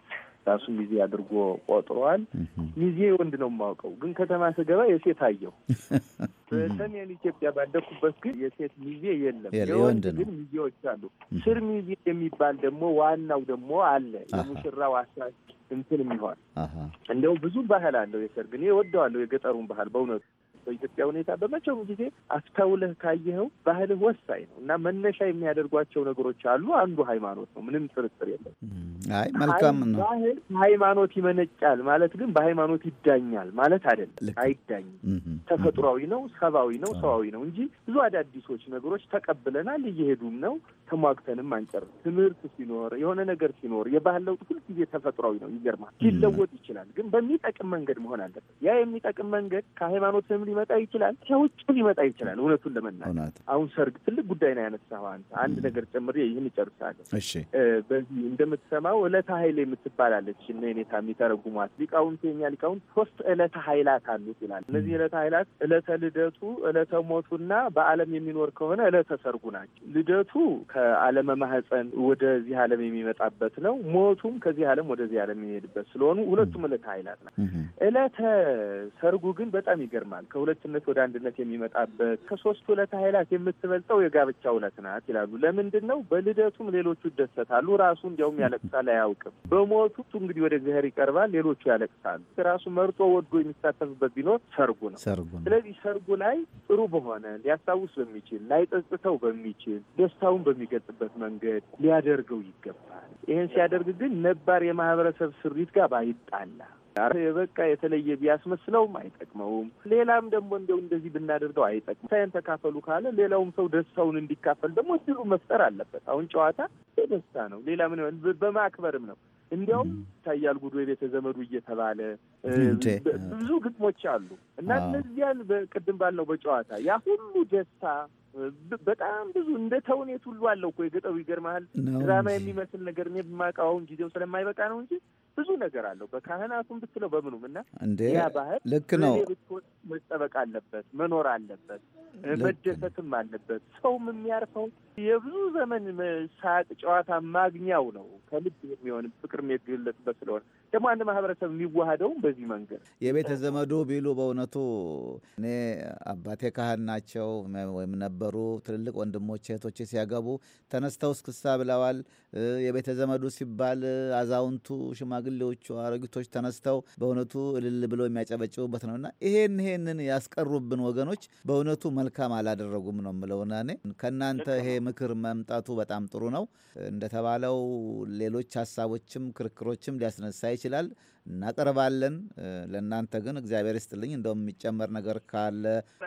ራሱ ሚዜ አድርጎ ቆጥሯል። ሚዜ ወንድ ነው የማውቀው፣ ግን ከተማ ስገባ የሴት አየሁ። በሰሜን ኢትዮጵያ ባደኩበት ግን የሴት ሚዜ የለም፣ የወንድ ግን ሚዜዎች አሉ። ስር ሚዜ የሚባል ደግሞ ዋናው ደግሞ አለ፣ የሙሽራው አሳች እንትን የሚሆን እንደው ብዙ ባህል አለው የሰርግ። እኔ እወደዋለሁ የገጠሩን ባህል በእውነቱ በኢትዮጵያ ሁኔታ በመቼውም ጊዜ አስተውለህ ካየኸው ባህልህ ወሳኝ ነው እና መነሻ የሚያደርጓቸው ነገሮች አሉ። አንዱ ሃይማኖት ነው፣ ምንም ጥርጥር የለም። አይ መልካም ነው። ባህል ሃይማኖት ይመነጫል ማለት ግን በሃይማኖት ይዳኛል ማለት አይደለም። አይዳኝም። ተፈጥሯዊ ነው፣ ሰብአዊ ነው፣ ሰዋዊ ነው እንጂ ብዙ አዳዲሶች ነገሮች ተቀብለናል፣ እየሄዱም ነው። ተሟግተንም አንጨር ትምህርት ሲኖር የሆነ ነገር ሲኖር የባህል ለውጥ ሁልጊዜ ተፈጥሯዊ ነው። ይገርማል። ሊለወጥ ይችላል፣ ግን በሚጠቅም መንገድ መሆን አለበት። ያ የሚጠቅም መንገድ ከሃይማኖት ሊመጣ ይችላል፣ ከውጭ ሊመጣ ይችላል። እውነቱን ለመናገር አሁን ሰርግ ትልቅ ጉዳይ ነው ያነሳው አንተ። አንድ ነገር ጨምሬ ይህን እጨርሳለሁ። በዚህ እንደምትሰማው እለተ ኃይል የምትባላለች እነ ኔታ የሚተረጉሟት ሊቃውንት፣ የኛ ሊቃውንት ሶስት እለተ ኃይላት አሉት ይላል። እነዚህ እለተ ኃይላት እለተ ልደቱ፣ እለተ ሞቱና በዓለም የሚኖር ከሆነ እለተ ሰርጉ ናቸው። ልደቱ ከዓለመ ማህፀን ወደዚህ ዓለም የሚመጣበት ነው። ሞቱም ከዚህ ዓለም ወደዚህ ዓለም የሚሄድበት ስለሆኑ ሁለቱም እለተ ኃይላት ናት። እለተ ሰርጉ ግን በጣም ይገርማል። ከሁለትነት ወደ አንድነት የሚመጣበት ከሶስት ሁለት ኃይላት የምትበልጠው የጋብቻ ዕለት ናት ይላሉ። ለምንድን ነው? በልደቱም ሌሎቹ ይደሰታሉ፣ ራሱ እንዲያውም ያለቅሳል፣ አያውቅም። በሞቱ እንግዲህ ወደ እግዚአብሔር ይቀርባል፣ ሌሎቹ ያለቅሳሉ። ራሱ መርጦ ወዶ የሚሳተፍበት ቢኖር ሰርጉ ነው። ስለዚህ ሰርጉ ላይ ጥሩ በሆነ ሊያስታውስ በሚችል ላይጸጽተው በሚችል ደስታውን በሚገልጽበት መንገድ ሊያደርገው ይገባል። ይህን ሲያደርግ ግን ነባር የማህበረሰብ ስሪት ጋር ባይጣላ የበቃ የተለየ ቢያስመስለውም አይጠቅመውም። ሌላም ደግሞ እንደው እንደዚህ ብናደርገው አይጠቅም ሳይን ተካፈሉ ካለ ሌላውም ሰው ደስታውን እንዲካፈል ደግሞ እድሉ መፍጠር አለበት። አሁን ጨዋታ ደስታ ነው። ሌላ ምን በማክበርም ነው። እንዲያውም ይታያል ጉዶ የቤተ ዘመዱ እየተባለ ብዙ ግጥሞች አሉ እና እነዚያን ቅድም ባልነው በጨዋታ ያ ሁሉ ደስታ በጣም ብዙ እንደ ተውኔት ሁሉ አለው እኮ የገጠሩ ይገርመሃል። ድራማ የሚመስል ነገር እኔ የማውቀው አሁን ጊዜው ስለማይበቃ ነው እንጂ ብዙ ነገር አለው። በካህናቱም ብትለው በምኑም እና ያ ባህል ልክ ነው ብትሆን መጠበቅ አለበት፣ መኖር አለበት፣ መደሰትም አለበት። ሰውም የሚያርፈው የብዙ ዘመን ሳቅ ጨዋታ ማግኛው ነው። ከልብ የሚሆን ፍቅር የሚገለጽበት ስለሆነ ደግሞ አንድ ማህበረሰብ የሚዋሃደውም በዚህ መንገድ የቤተ ዘመዱ ቢሉ በእውነቱ እኔ አባቴ ካህን ናቸው ወይም ነበሩ። ትልልቅ ወንድሞች እህቶች ሲያገቡ ተነስተው እስክሳ ብለዋል። የቤተ ዘመዱ ሲባል አዛውንቱ፣ ሽማግሌዎቹ፣ አሮጊቶች ተነስተው በእውነቱ እልል ብለው የሚያጨበጭቡበት ነውና ይሄን ይሄንን ያስቀሩብን ወገኖች በእውነቱ መልካም አላደረጉም ነው የምለውና እኔ ከእናንተ ይሄ ምክር መምጣቱ በጣም ጥሩ ነው። እንደተባለው ሌሎች ሀሳቦችም ክርክሮችም ሊያስነሳ ይችላል። እናቀርባለን። ለእናንተ ግን እግዚአብሔር ይስጥልኝ። እንደውም የሚጨመር ነገር ካለ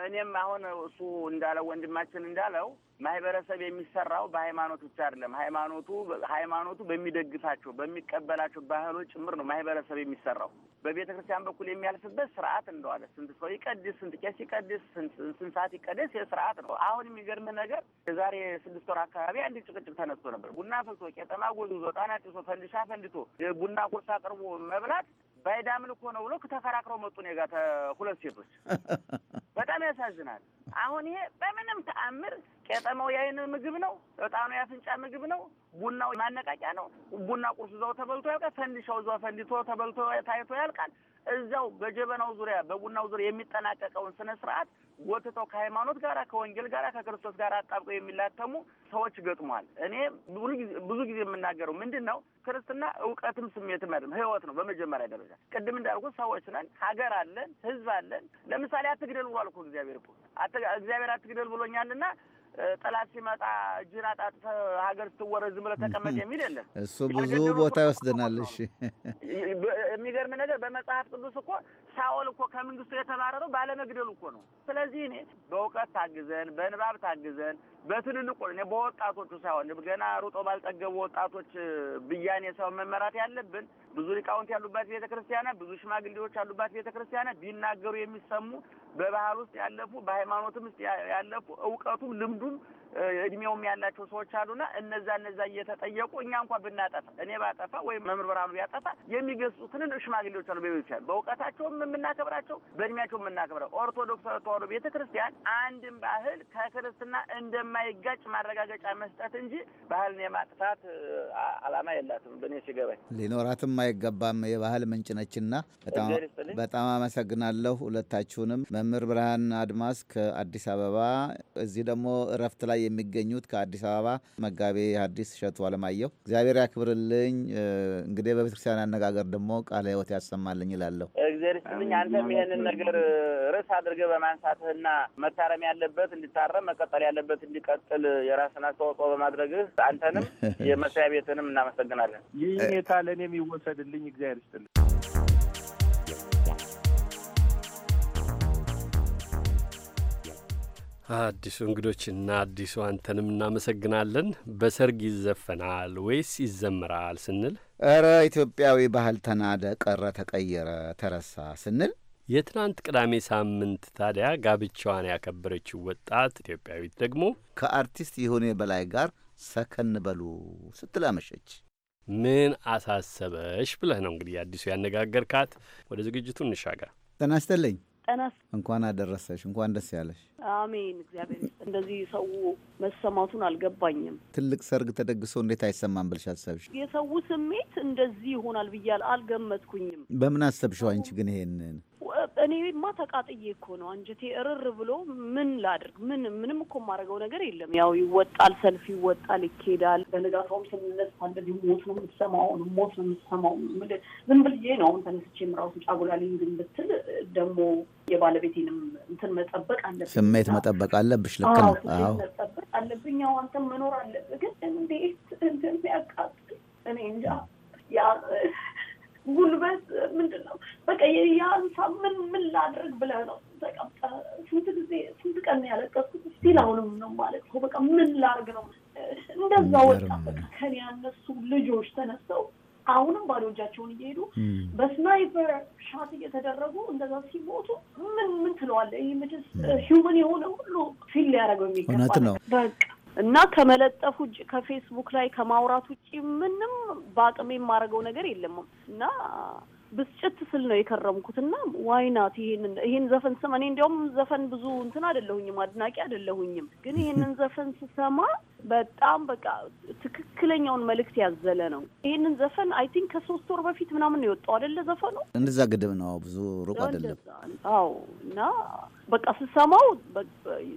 እኔም አሁን እሱ እንዳለው ወንድማችን እንዳለው ማህበረሰብ የሚሰራው በሃይማኖት ብቻ አይደለም። ሃይማኖቱ ሃይማኖቱ በሚደግፋቸው በሚቀበላቸው ባህሎች ጭምር ነው ማህበረሰብ የሚሰራው። በቤተ ክርስቲያን በኩል የሚያልፍበት ስርዓት እንደዋለ ስንት ሰው ይቀድስ፣ ስንት ቄስ ይቀድስ፣ ስንት ሰዓት ይቀደስ፣ ስርዓት ነው። አሁን የሚገርም ነገር የዛሬ ስድስት ወር አካባቢ አንድ ጭቅጭቅ ተነስቶ ነበር። ቡና ፍልቶ፣ ቄጠማ ጎዝጉዞ፣ ጣና ጭሶ፣ ፈንድሻ ፈንድቶ፣ ቡና ቁርስ አቅርቦ መብላት ባይዳምን እኮ ነው ብሎ ተከራክረው መጡ። እኔ ጋር ሁለት ሴቶች በጣም ያሳዝናል። አሁን ይሄ በምንም ተአምር ቄጠማው የአይን ምግብ ነው፣ እጣኑ የአፍንጫ ምግብ ነው፣ ቡናው ማነቃቂያ ነው። ቡና ቁርሱ እዛው ተበልቶ ያልቃል። ፈንዲሻው እዛው ፈንዲቶ ተበልቶ ታይቶ ያልቃል። እዛው በጀበናው ዙሪያ በቡናው ዙሪያ የሚጠናቀቀውን ስነ ስርዓት ጎትተው ከሃይማኖት ጋር ከወንጌል ጋር ከክርስቶስ ጋር አጣብቀው የሚላተሙ ሰዎች ገጥሟል። እኔ ብዙ ጊዜ የምናገረው ምንድን ነው፣ ክርስትና እውቀትም ስሜትም አይደለም፣ ህይወት ነው። በመጀመሪያ ደረጃ ቅድም እንዳልኩ ሰዎች ነን፣ ሀገር አለን፣ ህዝብ አለን። ለምሳሌ አትግደል ብሏል እኮ እግዚአብሔር እኮ እግዚአብሔር አትግደል ብሎኛልና ጠላት ሲመጣ እጅን አጣጥፈ ሀገር ስትወረዝ ዝም ብለህ ተቀመጥ የሚል የለም። እሱ ብዙ ቦታ ይወስደናል። እሺ የሚገርም ነገር በመጽሐፍ ቅዱስ እኮ ሳኦል እኮ ከመንግስቱ የተባረረው ባለመግደሉ እኮ ነው። ስለዚህ እኔ በእውቀት ታግዘን፣ በንባብ ታግዘን በትልልቁ በትልልቆ በወጣቶቹ ሳይሆን ገና ሩጦ ባልጠገቡ ወጣቶች ብያኔ ሰው መመራት ያለብን። ብዙ ሊቃውንት ያሉባት ቤተ ክርስቲያናት፣ ብዙ ሽማግሌዎች ያሉባት ቤተ ክርስቲያናት ቢናገሩ የሚሰሙ በባህል ውስጥ ያለፉ በሃይማኖትም ውስጥ ያለፉ እውቀቱም ልምዱም እድሜውም ያላቸው ሰዎች አሉና እነዛ እነዛ እየተጠየቁ እኛ እንኳ ብናጠፋ እኔ ባጠፋ ወይም መምህር ብርሃኑ ቢያጠፋ የሚገጹትንን ሽማግሌዎች አሉ በቤቶች ያሉ በእውቀታቸውም የምናከብራቸው በእድሜያቸው የምናከብረው ኦርቶዶክስ ተዋሕዶ ቤተ ክርስቲያን አንድም ባህል ከክርስትና እንደማይጋጭ ማረጋገጫ መስጠት እንጂ ባህልን የማጥፋት አላማ የላትም። በእኔ ሲገባኝ ሊኖራትም አይገባም። የባህል ምንጭ ነችና በጣም አመሰግናለሁ ሁለታችሁንም። መምህር ብርሃን አድማስ ከአዲስ አበባ እዚህ ደግሞ እረፍት ላይ የሚገኙት ከአዲስ አበባ መጋቤ ሐዲስ እሸቱ አለማየሁ እግዚአብሔር ያክብርልኝ። እንግዲህ በቤተክርስቲያን አነጋገር ደግሞ ቃለ ሕይወት ያሰማልኝ ይላለሁ። እግዚአብሔር ይስጥልኝ። አንተም ይህንን ነገር ርዕስ አድርገህ በማንሳትህና መታረም ያለበት እንዲታረም መቀጠል ያለበት እንዲቀጥል የራስን አስተዋጽኦ በማድረግህ አንተንም የመስሪያ ቤትንም እናመሰግናለን። ይህ ሁኔታ ለእኔም ይወሰድልኝ። እግዚአብሔር ይስጥልኝ። አዲሱ እንግዶችና አዲሱ አንተንም እናመሰግናለን። በሰርግ ይዘፈናል ወይስ ይዘምራል ስንል እረ ኢትዮጵያዊ ባህል ተናደ፣ ቀረ፣ ተቀየረ፣ ተረሳ ስንል የትናንት ቅዳሜ ሳምንት ታዲያ ጋብቻዋን ያከበረችው ወጣት ኢትዮጵያዊት ደግሞ ከአርቲስት ይሁኔ በላይ ጋር ሰከን በሉ ስትል አመሸች። ምን አሳሰበሽ ብለህ ነው እንግዲህ አዲሱ ያነጋገርካት። ወደ ዝግጅቱ እንሻገር። ጤና ይስጥልኝ። ጠናስ እንኳን አደረሰሽ፣ እንኳን ደስ ያለሽ። አሜን፣ እግዚአብሔር እንደዚህ ሰው መሰማቱን አልገባኝም። ትልቅ ሰርግ ተደግሶ እንዴት አይሰማም ብልሽ አሰብሽ? የሰው ስሜት እንደዚህ ይሆናል ብያል አልገመትኩኝም። በምን አሰብሽው አንቺ ግን ይሄንን እኔማ ተቃጥዬ እኮ ነው አንጀቴ እርር ብሎ ምን ላድርግ? ምን ምንም እኮ የማደርገው ነገር የለም። ያው ይወጣል፣ ሰልፍ ይወጣል፣ ይኬዳል። በንጋታውም ስንነሳ እንደዚህ ሞት ነው የምትሰማው፣ ሞት ነው የምትሰማው። ዝም ብዬ ነው አሁን ተነስቼም ራሱ ጫጉላ ልንግን ብትል ደግሞ የባለቤቴንም እንትን መጠበቅ አለብኝ፣ ስሜት መጠበቅ አለብሽ። ልክ ነው፣ ስሜት መጠበቅ አለብኝ። ያው አንተም መኖር አለብህ። ግን እንዴት እንደሚያቃጥል እኔ እንጃ ያ ጉልበት ምንድን ነው በቃ የሀሳብ ምን ምን ላድረግ ብለ ነው ተቀምጠ ስንት ጊዜ ስንት ቀን ያለቀስኩት ስቲል አሁንም ነው ማለት ነው። በቃ ምን ላድርግ ነው እንደዛ ወጣ። በቃ ከኔ ያነሱ ልጆች ተነስተው አሁንም ባዶ እጃቸውን እየሄዱ በስናይፐር ሻት እየተደረጉ እንደዛ ሲሞቱ ምን ምን ትለዋለ? ይህ ምድስ ሂውመን የሆነ ሁሉ ፊል ሊያደርገው የሚገባ በቃ እና ከመለጠፍ ውጭ ከፌስቡክ ላይ ከማውራት ውጭ ምንም በአቅሜ የማደርገው ነገር የለም እና ብስጭት ስል ነው የከረምኩት። እና ዋይናት ይሄንን ይሄን ዘፈን ስማ። እኔ እንዲያውም ዘፈን ብዙ እንትን አደለሁኝም፣ አድናቂ አደለሁኝም። ግን ይሄንን ዘፈን ስሰማ በጣም በቃ ትክክለኛውን መልእክት ያዘለ ነው። ይሄንን ዘፈን አይ ቲንክ ከሶስት ወር በፊት ምናምን ነው የወጣው አደለ? ዘፈኑ እንደዛ ግድም ነው፣ ብዙ ሩቅ አደለም። አዎ እና በቃ ስሰማው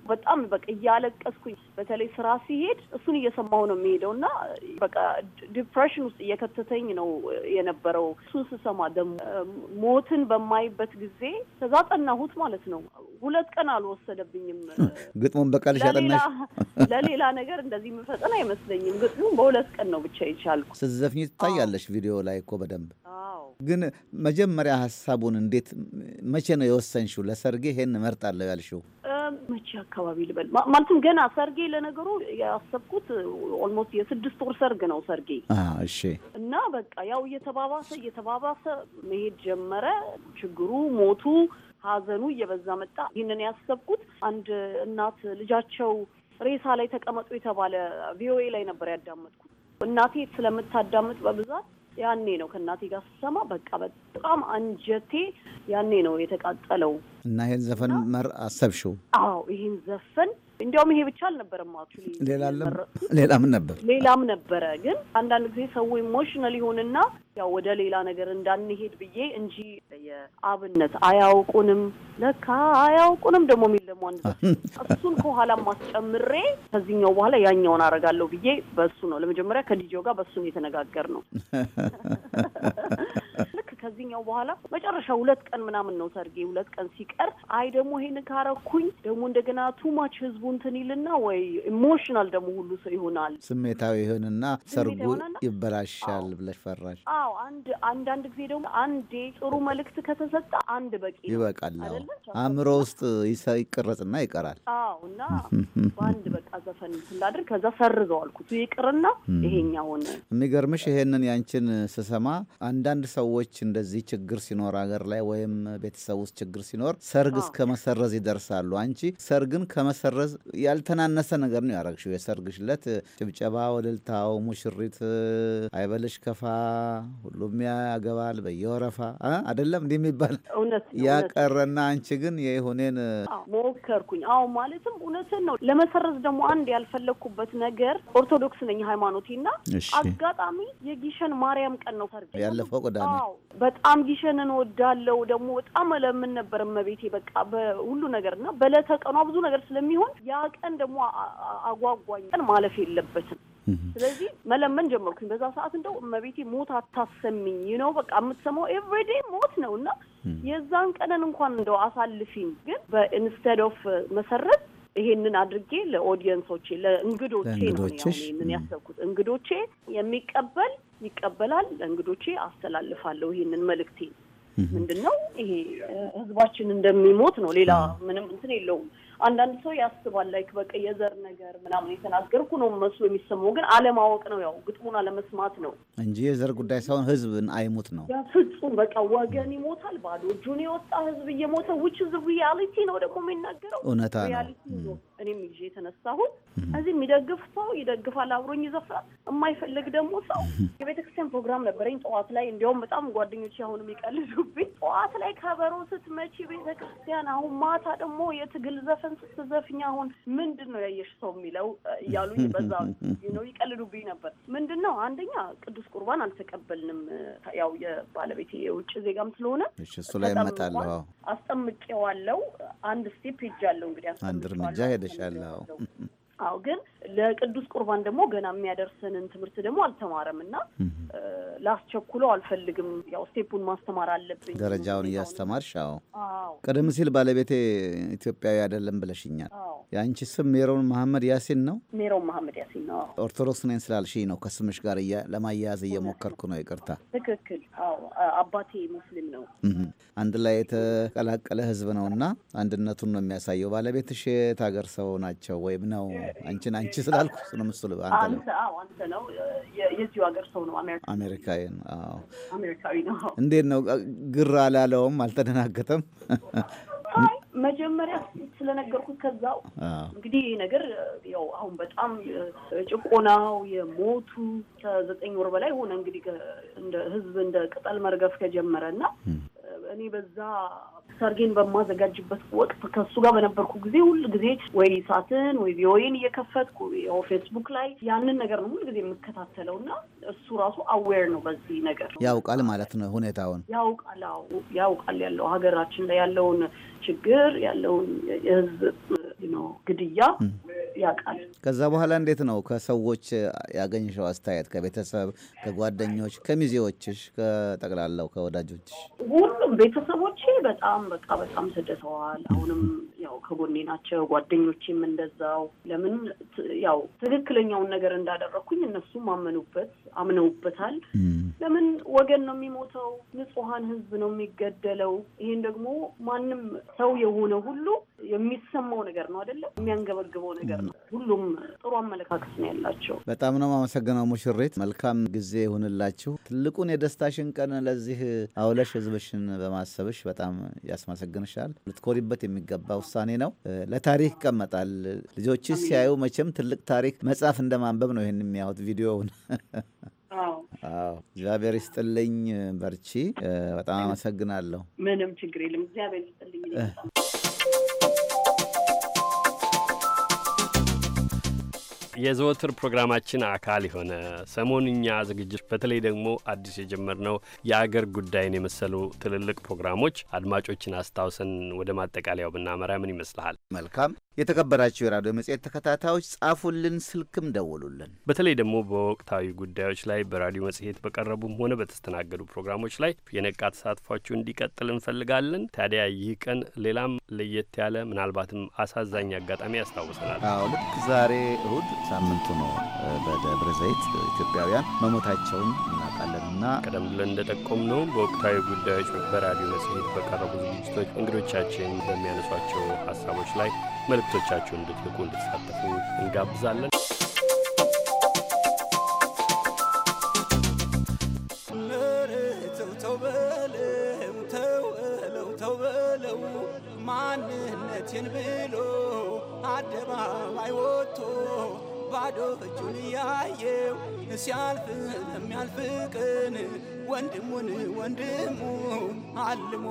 በጣም በቃ እያለቀስኩኝ በተለይ ስራ ሲሄድ እሱን እየሰማው ነው የሚሄደው እና በቃ ዲፕሬሽን ውስጥ እየከተተኝ ነው የነበረው። እሱን ስሰማ ደግሞ ሞትን በማይበት ጊዜ ከዛ ጠናሁት ማለት ነው። ሁለት ቀን አልወሰደብኝም። ግጥሙን በቃልሽ ያጠናሽ? ለሌላ ነገር እንደዚህ የምፈጠን አይመስለኝም። ግጥሙን በሁለት ቀን ነው ብቻ የቻልኩ። ስትዘፍኝ ትታያለሽ ቪዲዮ ላይ እኮ በደንብ። ግን መጀመሪያ ሀሳቡን እንዴት መቼ ነው የወሰንሽው? ለሰርጌ ይሄን እመርጣለሁ ያልሽው መቼ አካባቢ ልበል? ማለትም ገና ሰርጌ ለነገሩ ያሰብኩት ኦልሞስት የስድስት ወር ሰርግ ነው ሰርጌ። እሺ። እና በቃ ያው እየተባባሰ እየተባባሰ መሄድ ጀመረ። ችግሩ፣ ሞቱ፣ ሀዘኑ እየበዛ መጣ። ይህንን ያሰብኩት አንድ እናት ልጃቸው ሬሳ ላይ ተቀመጡ የተባለ ቪኦኤ ላይ ነበር ያዳመጥኩት። እናቴ ስለምታዳምጥ በብዛት ያኔ ነው ከእናቴ ጋር ስሰማ በቃ በጣም አንጀቴ ያኔ ነው የተቃጠለው። እና ይህን ዘፈን መር አሰብሽው? አዎ ይህን ዘፈን እንዲያውም ይሄ ብቻ አልነበረም። አክቹዋሊ ሌላም ነበር ሌላም ነበረ። ግን አንዳንድ ጊዜ ሰው ኢሞሽናል ይሆንና ያው ወደ ሌላ ነገር እንዳንሄድ ብዬ እንጂ የአብነት አያውቁንም ለካ አያውቁንም ደግሞ የሚል ደግሞ አንድ እሱን ከኋላ ማስጨምሬ ከዚህኛው በኋላ ያኛውን አረጋለሁ ብዬ በሱ ነው ለመጀመሪያ ከዲጆ ጋር በሱን የተነጋገር ነው ከዚህኛው በኋላ መጨረሻ ሁለት ቀን ምናምን ነው ሰርጌ፣ ሁለት ቀን ሲቀር አይ ደግሞ ይሄን ካረኩኝ ደግሞ እንደገና ቱማች ህዝቡ እንትን ይልና ወይ ኢሞሽናል ደግሞ ሁሉ ሰው ይሆናል፣ ስሜታዊ ይሆንና ሰርጉ ይበላሻል ብለሽ ፈራሽ? አዎ አንድ አንዳንድ ጊዜ ደግሞ አንዴ ጥሩ መልእክት ከተሰጠ አንድ በቂ ይበቃል። አእምሮ ውስጥ ይቀረጽና ይቀራል። አዎ እና በአንድ በቃ ዘፈን ስላድር ከዛ ሰርዘው አልኩት ይቅርና ይሄኛ ሆነ። የሚገርምሽ ይሄንን ያንቺን ስሰማ አንዳንድ ሰዎች እንደዚህ ችግር ሲኖር አገር ላይ ወይም ቤተሰብ ውስጥ ችግር ሲኖር ሰርግ እስከ መሰረዝ ይደርሳሉ። አንቺ ሰርግን ከመሰረዝ ያልተናነሰ ነገር ነው ያረግሽው። የሰርግሽ ዕለት ጭብጨባ፣ ወደልታው፣ ሙሽሪት አይበልሽ ከፋ፣ ሁሉም ያገባል በየወረፋ አይደለም እንዲህ የሚባል ያቀረና፣ አንቺ ግን የይሁኔን ሞከርኩኝ። አዎ ማለትም እውነትን ነው። ለመሰረዝ ደግሞ አንድ ያልፈለግኩበት ነገር ኦርቶዶክስ ነኝ ሃይማኖቴና አጋጣሚ የጊሸን ማርያም ቀን ነው ያለፈው ቅዳሜ በጣም ጊሸን ወዳለው ደግሞ በጣም ለምን ነበር እመቤቴ በቃ በሁሉ ነገር እና በለተ ቀኗ ብዙ ነገር ስለሚሆን ያ ቀን ደግሞ አጓጓኝ ቀን ማለፍ የለበትም። ስለዚህ መለመን ጀመርኩኝ። በዛ ሰዓት እንደው እመቤቴ ሞት አታሰሚኝ ነው በቃ የምትሰማው ኤቭሪዴ ሞት ነው እና የዛን ቀንን እንኳን እንደው አሳልፊኝ ግን በኢንስተድ ኦፍ መሰረት ይሄንን አድርጌ ለኦዲየንሶቼ ለእንግዶቼ ነው ያሰብኩት እንግዶቼ የሚቀበል ይቀበላል። ለእንግዶቼ አስተላልፋለሁ ይህንን መልእክቴ ምንድን ነው ይሄ ህዝባችን እንደሚሞት ነው። ሌላ ምንም እንትን የለውም። አንዳንድ ሰው ያስባል ላይክ በቃ የዘር ነገር ምናምን የተናገርኩ ነው መስሎ የሚሰማው ግን አለማወቅ ነው። ያው ግጥሙን አለመስማት ነው እንጂ የዘር ጉዳይ ሳይሆን ህዝብን አይሙት ነው። ፍጹም በቃ ወገን ይሞታል። ባዶ እጁን የወጣ ህዝብ እየሞተ ውች ዝ ሪያሊቲ ነው ደግሞ የሚናገረው እውነታ ሪያሊቲ ነው። እኔም ይዤ የተነሳሁት እዚህ የሚደግፍ ሰው ይደግፋል፣ አብሮኝ ይዘፍራል። የማይፈልግ ደግሞ ሰው የቤተክርስቲያን ፕሮግራም ነበረኝ ጠዋት ላይ እንዲያውም በጣም ጓደኞች አሁን የሚቀልዱብኝ ጠዋት ላይ ከበሮ ስትመጪ ቤተክርስቲያን አሁን ማታ ደግሞ የትግል ዘፈ አንተን ስትዘፍኝ አሁን ምንድን ነው ያየሽ ሰው የሚለው እያሉኝ በዛ ነው ይቀልዱብኝ ነበር። ምንድን ነው አንደኛ ቅዱስ ቁርባን አልተቀበልንም። ያው የባለቤት የውጭ ዜጋም ስለሆነ እሱ ላይ እመጣለሁ። አስጠምቄዋለሁ። አንድ ስቴፕ ሄጃለሁ። እንግዲህ አንድ እርምጃ ሄደሻለሁ። አዎ ግን ለቅዱስ ቁርባን ደግሞ ገና የሚያደርስንን ትምህርት ደግሞ አልተማረም እና ላስቸኩሎ አልፈልግም። ያው ስቴፑን ማስተማር አለብኝ። ደረጃውን እያስተማርሽ። አዎ ቀደም ሲል ባለቤቴ ኢትዮጵያዊ አይደለም ብለሽኛል። የአንቺ ስም ሜሮን መሐመድ ያሲን ነው። ሜሮን መሐመድ ያሲን ነው። ኦርቶዶክስ ነኝ ስላልሽኝ ነው ከስምሽ ጋር ለማያያዝ እየሞከርኩ ነው። ይቅርታ። ትክክል። አዎ አባቴ ሙስሊም ነው። አንድ ላይ የተቀላቀለ ህዝብ ነው እና አንድነቱን ነው የሚያሳየው። ባለቤትሽ የት ሀገር ሰው ናቸው ወይም ነው? አንቺን አንቺ ስላልኩ ነው ምስሉ አንተ ነው የዚሁ ሀገር ሰው ነው። አሜሪካዊ ነው። አሜሪካዊ ነው። እንዴት ነው? ግራ አላለውም? አልተደናገጠም? መጀመሪያ ስለነገርኩት ከዛው እንግዲህ ይህ ነገር ያው አሁን በጣም ጭቆናው የሞቱ ከዘጠኝ ወር በላይ ሆነ እንግዲህ እንደ ህዝብ እንደ ቅጠል መርገፍ ከጀመረ እና እኔ በዛ ሰርጌን በማዘጋጅበት ወቅት ከሱ ጋር በነበርኩ ጊዜ ሁል ጊዜ ወይ ሳትን ወይ ቪኦኤን እየከፈትኩ ፌስቡክ ላይ ያንን ነገር ነው ሁል ጊዜ የምከታተለው እና እሱ ራሱ አዌር ነው በዚህ ነገር ያውቃል ማለት ነው። ሁኔታውን ያውቃል ያውቃል ያለው ሀገራችን ላይ ያለውን ችግር ያለውን የህዝብ ነው ግድያ ያውቃል። ከዛ በኋላ እንዴት ነው ከሰዎች ያገኘሽው አስተያየት? ከቤተሰብ፣ ከጓደኞች፣ ከሚዜዎችሽ፣ ከጠቅላላው ከወዳጆችሽ? ሁሉም ቤተሰቦቼ በጣም በቃ በጣም ተደሰዋል። አሁንም ያው ከጎኔ ናቸው። ጓደኞቼም እንደዛው። ለምን ያው ትክክለኛውን ነገር እንዳደረግኩኝ እነሱም አመኑበት አምነውበታል። ለምን ወገን ነው የሚሞተው፣ ንጹሐን ህዝብ ነው የሚገደለው። ይሄን ደግሞ ማንም ሰው የሆነ ሁሉ የሚሰማው ነገር ነው አይደለም፣ የሚያንገበግበው ነገር ነው። ሁሉም ጥሩ አመለካከት ነው ያላቸው። በጣም ነው የማመሰግነው ሙሽሪት፣ መልካም ጊዜ ይሁንላችሁ። ትልቁን የደስታሽን ቀን ለዚህ አውለሽ ህዝብሽን በማሰብሽ በጣም ያስመሰግንሻል። ልትኮሪበት የሚገባ ውሳኔ ነው። ለታሪክ ይቀመጣል። ልጆች ሲያዩ መቼም ትልቅ ታሪክ መጽሐፍ እንደማንበብ ነው ይህን የሚያዩት ቪዲዮውን አዎ እግዚአብሔር ይስጥልኝ። በርቺ። በጣም አመሰግናለሁ። ምንም ችግር የለም። እግዚአብሔር ይስጥልኝ። የዘወትር ፕሮግራማችን አካል የሆነ ሰሞንኛ ዝግጅት በተለይ ደግሞ አዲስ የጀመርነው የአገር ጉዳይን የመሰሉ ትልልቅ ፕሮግራሞች አድማጮችን አስታውሰን ወደ ማጠቃለያው ብናመራ ምን ይመስልሃል? መልካም። የተከበራችሁ የራዲዮ መጽሔት ተከታታዮች ጻፉልን፣ ስልክም ደውሉልን። በተለይ ደግሞ በወቅታዊ ጉዳዮች ላይ በራዲዮ መጽሔት በቀረቡም ሆነ በተስተናገዱ ፕሮግራሞች ላይ የነቃ ተሳትፏችሁ እንዲቀጥል እንፈልጋለን። ታዲያ ይህ ቀን ሌላም ለየት ያለ ምናልባትም አሳዛኝ አጋጣሚ ያስታውሰናል። ልክ ዛሬ እሁድ ሳምንቱ ነው በደብረ ዘይት ኢትዮጵያውያን መሞታቸውን እናውቃለን እና ቀደም ብለን እንደጠቆም ነው በወቅታዊ ጉዳዮች በራዲዮ መጽሔት በቀረቡ ዝግጅቶች እንግዶቻችን በሚያነሷቸው ሀሳቦች ላይ መልእክቶቻቸውን እንድትልቁ እንድትሳተፉ እንጋብዛለን። ማንነቴን ብሎ አደባባይ ወጥቶ ባዶ እጁን እያየው ሲያልፍ ለሚያልፍ ቀን ወንድሙን ወንድሙ አልሞ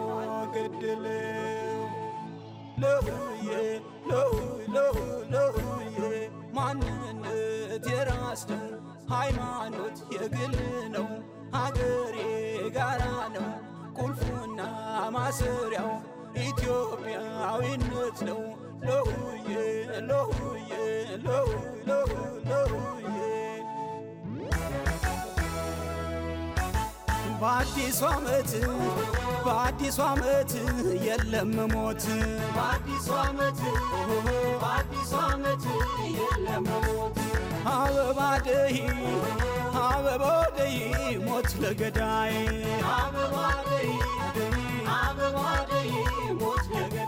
ገደለው። ለሁዬ ለሁ ለሁ ለሁዬ ማንነት የራስ ነው፣ ሃይማኖት የግል ነው፣ ሀገሬ ጋራ ነው፣ ቁልፉና ማሰሪያው ኢትዮጵያዊነት ነው። ሎሁዬ ሎሁዬ ሎሁ ሎሁ በአዲሱ ዓመት በአዲሱ ዓመት የለም ሞት አበባ ደሂ አበባ ደሂ ሞት ለገዳይ አበባ ደሂ አበባ ደሂ ሞት ለገዳይ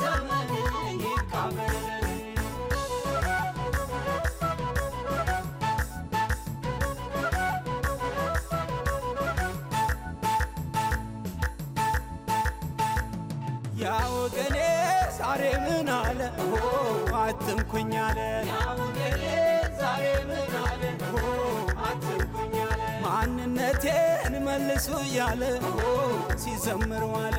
ወገኔ ዛሬ ምን አለ አትንኩኝ አለ ያወገኔ ዛሬ ምን አለ አትንኩኝ ማንነቴን መልሱ እያለ ሲዘምር ዋለ።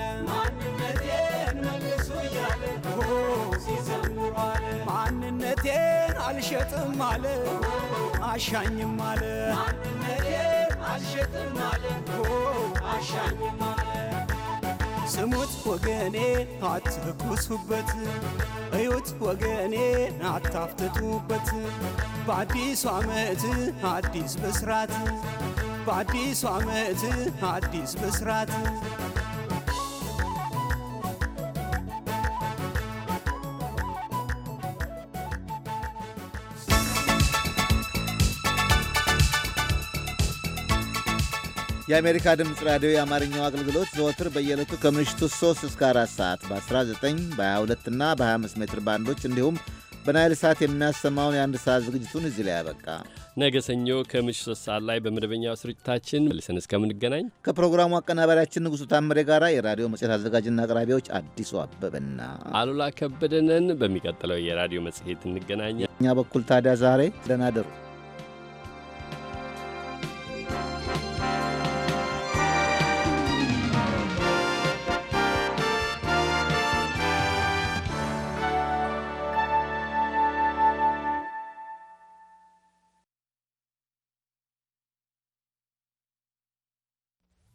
ማንነቴን አልሸጥም አለ አሻኝም አለ ስሙት ወገኔ አትኩሱበት፣ እዩት ወገኔ አታፍትቱበት። በአዲሱ ዓመት አዲስ ብስራት በአዲሱ ዓመት አዲስ ብስራት የአሜሪካ ድምፅ ራዲዮ የአማርኛው አገልግሎት ዘወትር በየዕለቱ ከምሽቱ 3 እስከ 4 ሰዓት በ19 በ22 እና በ25 ሜትር ባንዶች እንዲሁም በናይል ሰዓት የምናሰማውን የአንድ ሰዓት ዝግጅቱን እዚህ ላይ ያበቃ። ነገ ሰኞ ከምሽቱ ሶስት ሰዓት ላይ በመደበኛው ስርጭታችን መልሰን እስከምንገናኝ ከፕሮግራሙ አቀናባሪያችን ንጉሱ ታምሬ ጋር የራዲዮ መጽሔት አዘጋጅና አቅራቢዎች አዲሱ አበበና አሉላ ከበደነን በሚቀጥለው የራዲዮ መጽሔት እንገናኛ። እኛ በኩል ታዲያ ዛሬ ደህና ደሩ።